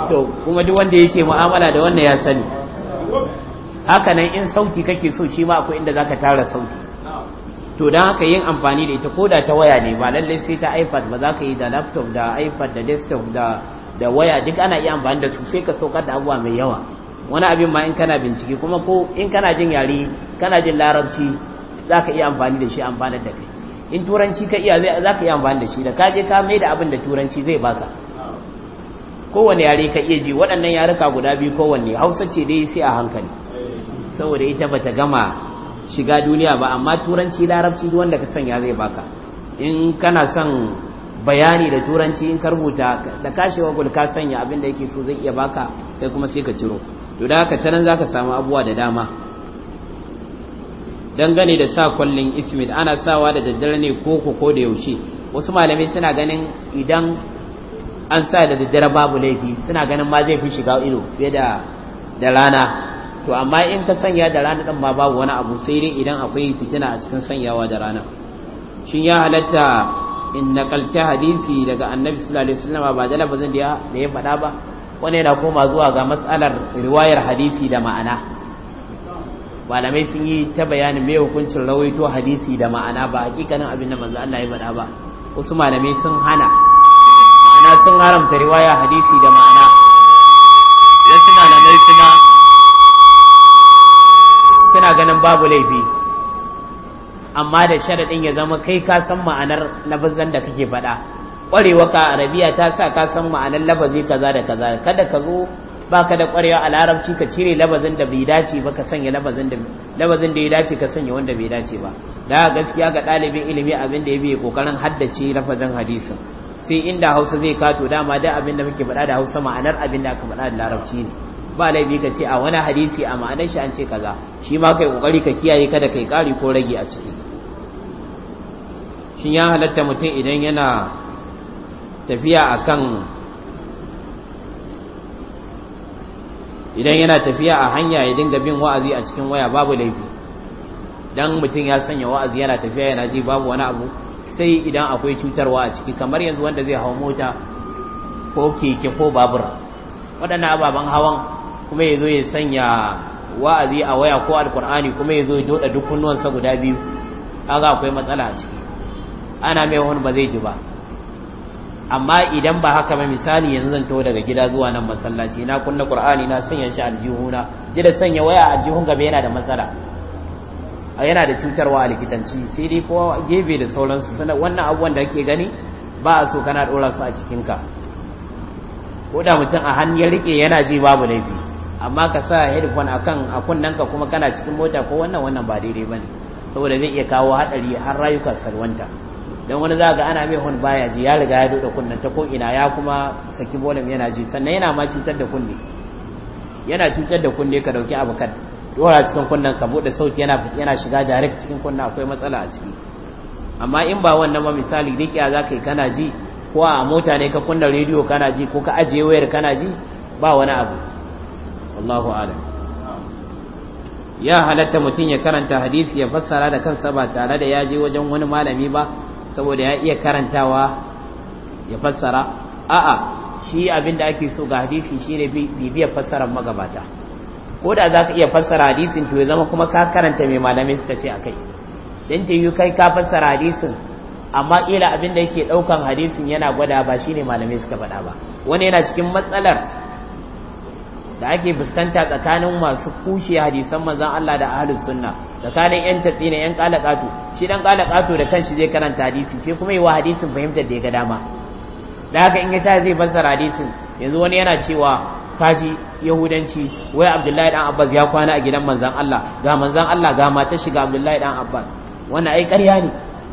to kuma duk wanda yake mu'amala da wannan ya sani hakanan in sauki kake so shi ma akwai inda zaka tara sauki to don haka yin amfani da ita koda ta waya ne ba lallai sai ta iPad ba za ka yi da laptop da iPad da desktop da da waya duk ana iya amfani da su sai ka saukar da abuwa mai yawa wani abin ma in kana bincike kuma ko in kana jin yare kana jin larabci za ka iya amfani da shi amfanar da kai in turanci ka iya za ka iya amfani da shi da kaje ka mai da abin da turanci zai baka kowane yare ka iya ji waɗannan yaruka guda biyu kowanne hausa ce dai sai a hankali saboda ita bata gama shiga duniya ba amma turanci larabci wanda ka sanya zai baka in kana son bayani da turanci in ka rubuta da kashewa gul ka sanya abin da yake so zai iya baka kai kuma sai ka ciro to da haka tanan zaka samu abubuwa da dama dangane da sa kwallin ismid ana sawa da daddare ne ko ko da yaushe wasu malamai suna ganin idan an sa da daddare babu laifi suna ganin ma zai fi shiga ido fiye da da rana to amma in ka sanya da rana din ma babu wani abu sai dai idan akwai fitina a cikin sanyawa da rana shin ya halatta in nakalta hadisi daga annabi sallallahu alaihi wasallam ba da labazin da ya faɗa ba wani yana koma zuwa ga matsalar riwayar hadisi da ma'ana malamai sun yi ta bayanin mai hukuncin rawaito hadisi da ma'ana ba hakikanin abin da manzo Allah ya faɗa ba wasu malamai sun hana ma'ana sun haramta riwaya hadisi da ma'ana wasu malamai suna suna ganin babu laifi amma da sharadin ya zama kai ka san ma'anar lafazan da kake faɗa ƙwarewa ka arabiya ta sa ka san ma'anar lafazi kaza da kaza kada ka zo baka da kwarewa a larabci ka cire labazin da bai dace ba ka sanya labazin da labazin da ya dace ka sanya wanda bai dace ba da gaskiya ga ɗalibin ilimi abin da ya bi kokarin haddace lafazin hadisi sai inda hausa zai kato dama da abin da muke faɗa da hausa ma'anar abin da aka faɗa da larabci ne ba laifi ka ce a wani hadisi a ma'anar shi an ce kaza shi ma kai kokari ka kiyaye kada kai ƙari ko rage a ciki shin ya halatta mutum idan yana tafiya akan idan yana tafiya a hanya ya dinga bin wa'azi a cikin waya babu laifi dan mutum ya sanya wa'azi yana tafiya yana ji babu wani abu sai idan akwai cutarwa a ciki kamar yanzu wanda zai hau mota ko keke ko babur waɗannan ababen hawan kuma ya zo ya sanya wa'azi a waya ko alkur'ani kuma ya zo ya doda duk kunnuwansa guda biyu kaga akwai matsala a ciki ana mai wani ba zai ji ba amma idan ba haka ba misali yanzu zan taho daga gida zuwa nan masallaci na kunna qur'ani na sanya shi aljihuna da sanya waya a aljihun gaba yana da matsala yana da cutarwa a likitanci sai dai kowa gebe da sauransu sana wannan abubuwan da kake gani ba a so kana dora su a cikinka ko da mutum a hannu ya rike yana ji babu laifi amma ka sa headphone akan a ka kuma kana cikin mota ko wannan wannan ba daidai bane saboda zai iya kawo hadari har rayukan salwanta don wani zaga ana mai hun baya ji ya riga ya doda kunnen ta ko ina ya kuma saki bolam yana ji sannan yana ma cutar da kunne yana cutar da kunne ka dauki abu kan dora cikin kunnan ka bude sauti yana yana shiga direct cikin kunna akwai matsala a ciki amma in ba wannan ba misali rikiya za ka yi kana ji ko a mota ne ka kunna rediyo kana ji ko ka ajiye wayar kana ji ba wani abu wallahu alam ya halatta mutum ya karanta hadisi ya fassara da kansa ba tare da ya je wajen wani malami ba saboda ya iya karantawa ya fassara a'a shi abinda ake so ga hadisi shine bibiyar fassarar magabata ko da za ka iya fassara hadisin to ya zama kuma ka karanta mai malamai suka ce akai dan ta yi kai ka fassara hadisin amma ila abin da yake daukan hadisin yana gwada ba shine malamai suka faɗa ba wani yana cikin matsalar da ake fuskanta tsakanin masu kushe hadisan manzon Allah da ahlus sunna tsakanin yan tatsi ne yan kalakatu shi dan kalakatu da kanshi zai karanta hadisi sai kuma yi wa hadisin fahimtar da ya ga dama da haka in ya ta zai fassara hadisin yanzu wani yana cewa kaji yahudanci wai abdullahi dan abbas ya kwana a gidan manzon Allah ga manzon Allah ga mata shiga abdullahi dan abbas wannan ai ƙarya ne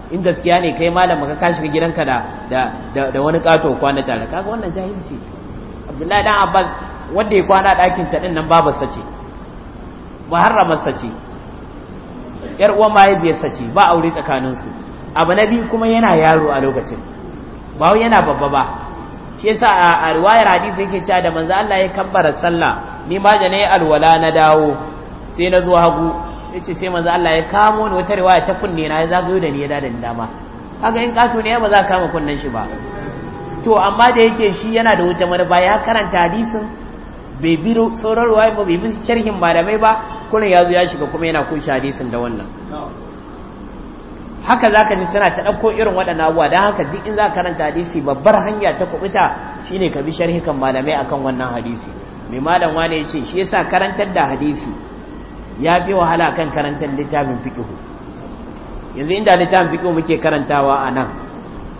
in gaskiya ne kai malam ka ka shiga gidanka da da wani kato kwana tare kaga wannan jahilci abdullahi dan abbas wanda ya kwana ɗakin ta nan babarsa sace, muharramarsa ce yar uwa mahaifiyarsa sace, ba aure tsakaninsu abu na biyu kuma yana yaro a lokacin ba wai yana babba ba shi yasa a riwayar hadisi yake cewa da manzo Allah ya kabbara sallah ni ma da nayi alwala na dawo sai na zo hagu yace sai manzo Allah ya kamo ni wata riwaya ta kunne na ya zagayo da ni ya dada dama kaga in kato ne ba za ka kama kunnen shi ba to amma da yake shi yana da wuta ba ya karanta hadisin bai bi sauran ruwa ba bai bi sharhin malamai ba kullum ya zo ya shiga kuma yana kunshi hadisin da wannan haka za ka ji suna ta ɗauko irin waɗannan abuwa don haka duk in za ka karanta hadisi babbar hanya ta kuɓuta shine ka bi sharhikan malamai akan wannan hadisi mai malam wane ya ce shi yasa karantar da hadisi ya fi wahala kan karantar littafin fikihu yanzu inda littafin fikihu muke karantawa a nan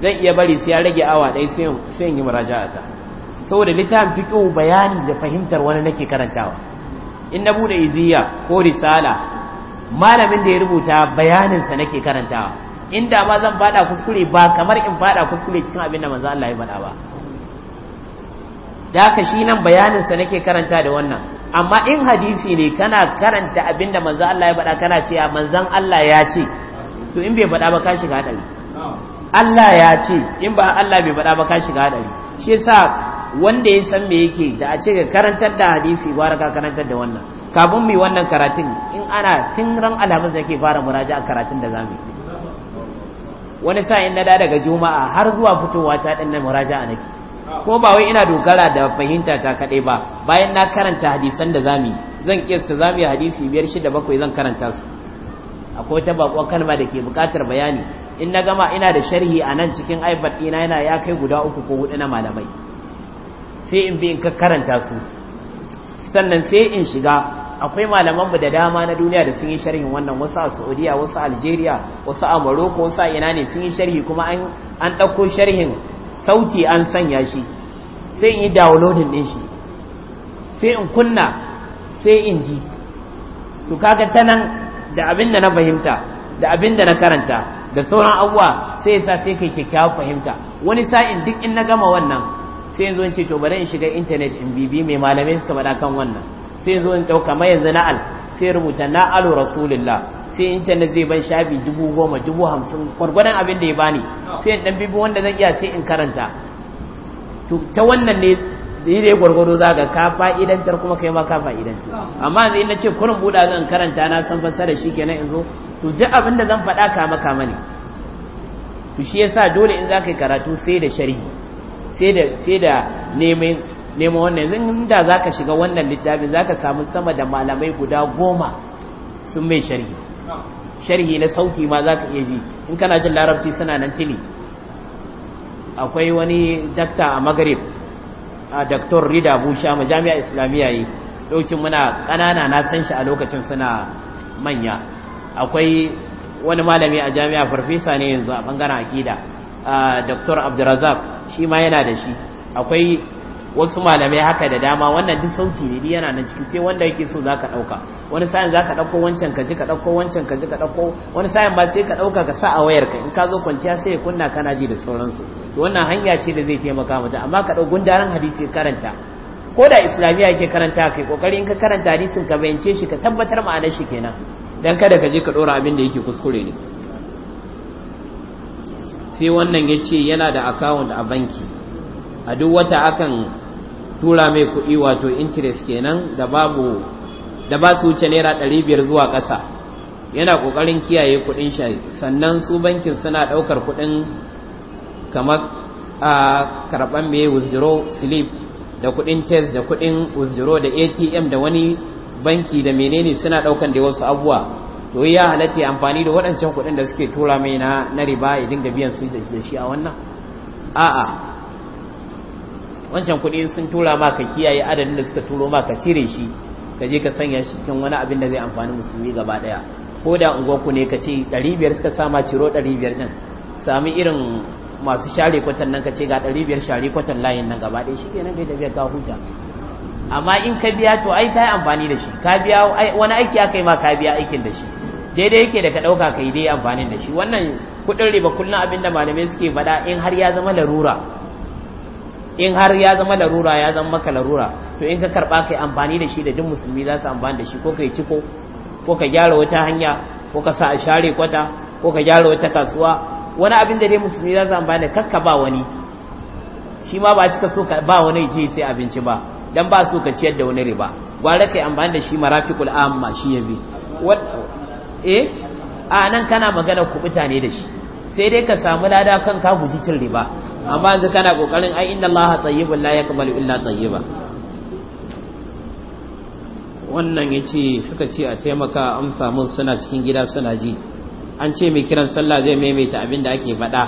zan iya bari sai ya rage awa ɗaya sai yi muraja'a ta saboda littafin fiƙo bayani da fahimtar wani nake karantawa in na bude iziya ko risala malamin da ya rubuta bayanin sa nake karantawa inda ma zan fada kuskure ba kamar in fada kuskure cikin abin da manzo Allah ya faɗa ba da haka shi nan bayanin sa nake karanta da wannan amma in hadisi ne kana karanta abin da manzo Allah ya faɗa kana cewa manzo Allah ya ce to in bai faɗa ba ka shiga hadari Allah ya ce in ba Allah bai faɗa ba ka shiga hadari shi yasa wanda ya san me yake da a ce ga karantar da hadisi gwara ka karantar da wannan kafin mu wannan karatun in ana tun ran alamun da ke fara muraja a karatun da zamu wani sa'in na da daga juma'a har zuwa fitowa ta din na muraja nake ko ba wai ina dogara da fahimta ta kadai ba bayan na karanta hadisan da zamu zan kiyasta zamu hadisi biyar shida bakwai zan karanta su akwai ta bako kalma da ke bukatar bayani in na gama ina da sharhi a nan cikin aibat ɗina yana ya kai guda uku ko hudu na malamai sai in bi in ka karanta su sannan sai in shiga akwai malaman mu da dama na duniya da sun yi sharhin wannan wasu a Saudiya wasu a Algeria wasu a Morocco wasu a ina ne sun yi sharhi kuma an an dauko sharhin sauti an sanya shi sai in yi downloading din shi sai in kunna sai in ji to kaga nan da abin da na fahimta da abin da na karanta da sauran abuwa sai yasa sai kai kyakkyawa fahimta wani sa'in duk in na gama wannan sai yanzu in ce to bari in shiga intanet in bibi mai malamai suka faɗa kan wannan sai yanzu in ɗauka mai yanzu na'al sai rubuta na'alu rasulullah sai intanet zai ban shafi dubu goma dubu hamsin gwargwadon abin da ya bani sai in ɗan bibi wanda zan iya sai in karanta to ta wannan ne daidai gwargwado za ga ka fa'idantar kuma kai ma ka fa'idantar amma yanzu in na ce kurin buɗa zan karanta na san fassara shi kenan in zo to duk abin da zan faɗa kama kama ne to shi yasa dole in za ka yi karatu sai da sharhi sai da neman wannan yanzu da za ka shiga wannan littafin za ka samu sama da malamai guda goma sun mai sharhi sharhi na sauki ma za ka iya ji in kana jin larabci suna nan tini akwai wani dakta a magarib a daktar rida busha majami'a islamiyya yi lokacin muna ƙanana na san shi a lokacin suna manya akwai wani malami a jami'a farfesa ne yanzu a bangaren akida Dr. Abdurazak shi ma yana da shi akwai wasu malamai haka da dama wannan duk sauki ne yana nan cikin sai wanda yake so zaka dauka wani sa'in zaka dauko wancan ka ji ka dauko wancan ka ji ka dauko wani sa'in ba sai ka dauka ka sa a wayar ka in ka zo kwanciya sai ya kunna kana ji da sauransu to wannan hanya ce da zai taimaka mata amma ka dau gundaran hadisi karanta ko da islamiya yake karanta kai kokari in ka karanta hadisin ka bayyance shi ka tabbatar ma'anar shi kenan dan kada ka je ka dora abin da yake kuskure ne sai wannan ya ce yana da akawun a banki a duk wata akan tura mai kuɗi wato interest kenan da babu da ba su wuce naira ɗari biyar zuwa ƙasa yana ƙoƙarin kiyaye kuɗin shi sannan su bankin suna ɗaukar kuɗin kamar a karɓar mai withdraw slip da kuɗin test da kuɗin withdraw da atm da wani banki da menene suna ɗaukar da wasu abubuwa to ya halatta amfani da waɗancan kuɗin da suke tura mai na na riba ya dinga biyan su da shi a wannan a'a wancan kuɗi sun tura ma ka kiyaye adadin da suka turo ma ka cire shi ka je ka sanya shi cikin wani abin da zai amfani musulmi gaba ɗaya ko da unguwanku ne ka ce 500 suka sama ciro 500 nan sami irin masu share kwatan nan ka ce ga 500 share kwatan layin nan gaba ɗaya shi ke nan kai tafiyar ka huta amma in ka biya to ai ta yi amfani da shi ka biya wani aiki aka yi ma ka biya aikin da shi daidai yake da ka ɗauka ka yi dai amfanin da shi wannan kuɗin riba kullum abin da malamai suke faɗa in har ya zama larura in har ya zama larura ya zama maka larura to in ka karɓa ka yi amfani da shi da duk musulmi za su amfani da shi ko ka yi ciko ko ka gyara wata hanya ko ka sa a share kwata ko ka gyara wata kasuwa wani abin da dai musulmi za su amfani da kakka ba wani shi ma ba cika so ka ba wani je sai abinci ba dan ba so ka ciyar da wani riba gwara ka yi amfani da shi marafiqul amma shi yabi eh a nan kana magana ku mutane da shi sai dai ka samu lada kan ka guji cin riba amma yanzu kana kokarin ai inna Allah tayyibun la yakmalu illa tayyiba wannan yace suka ce a taimaka amsa mun suna cikin gida suna ji an ce mai kiran sallah zai maimaita abin da ake faɗa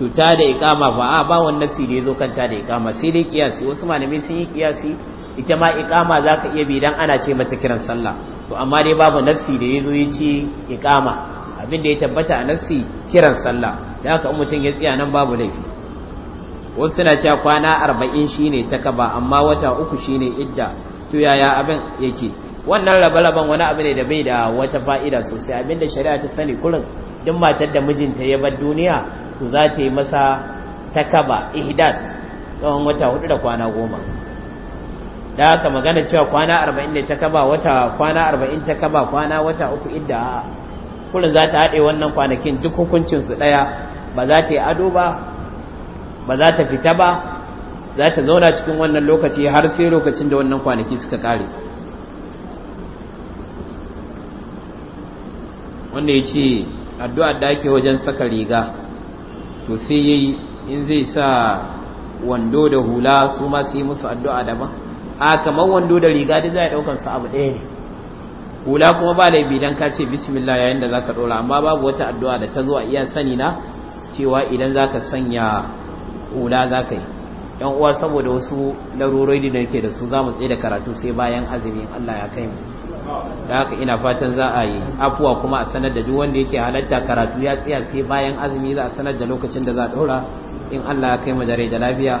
tuta da ikama fa a ba wannan nasi da zo kanta da ikama sai dai kiyasi wasu malamai sun yi kiyasi ita ma ikama zaka iya bi dan ana ce mata kiran sallah to amma dai babu nassi da ya zo ya ce iqama abin da ya tabbata a nassi kiran sallah da haka mutum ya tsaya nan babu laifi wasu suna cewa kwana arba'in shine ta amma wata uku shine idda to yaya abin yake wannan rabe-raben wani abu ne da bai da wata fa'ida sosai abinda shari'a ta sani kurin duk matar da mijinta ya bar duniya to za ta yi masa takaba ihdad tsawon wata hudu da kwana goma da aka magana cewa kwana arba'in ne ta kaba wata kwana arba'in ta kaba kwana wata uku idda kullun za ta haɗe wannan kwanakin duk hukuncin su ɗaya ba za ta yi ado ba ba za ta fita ba za ta zauna cikin wannan lokaci har sai lokacin da wannan kwanaki suka ƙare wanda ya ce addu'ar da ake wajen saka riga to sai yi in zai sa wando da hula su ma yi musu addu'a daban a kamar wando da riga da za a su abu ɗaya ne hula kuma ba laifi dan ka ce bismillah yayin da za ka ɗora amma babu wata addu'a da ta zo a iya sani na cewa idan za ka sanya hula za ka yi yan uwa saboda wasu larurori da ke da su za mu tsaye da karatu sai bayan in allah ya kai mu da haka ina fatan za a yi afuwa kuma a sanar da duk wanda yake halatta karatu ya tsaya sai bayan azumi za a sanar da lokacin da za a ɗora in allah ya kai mu da lafiya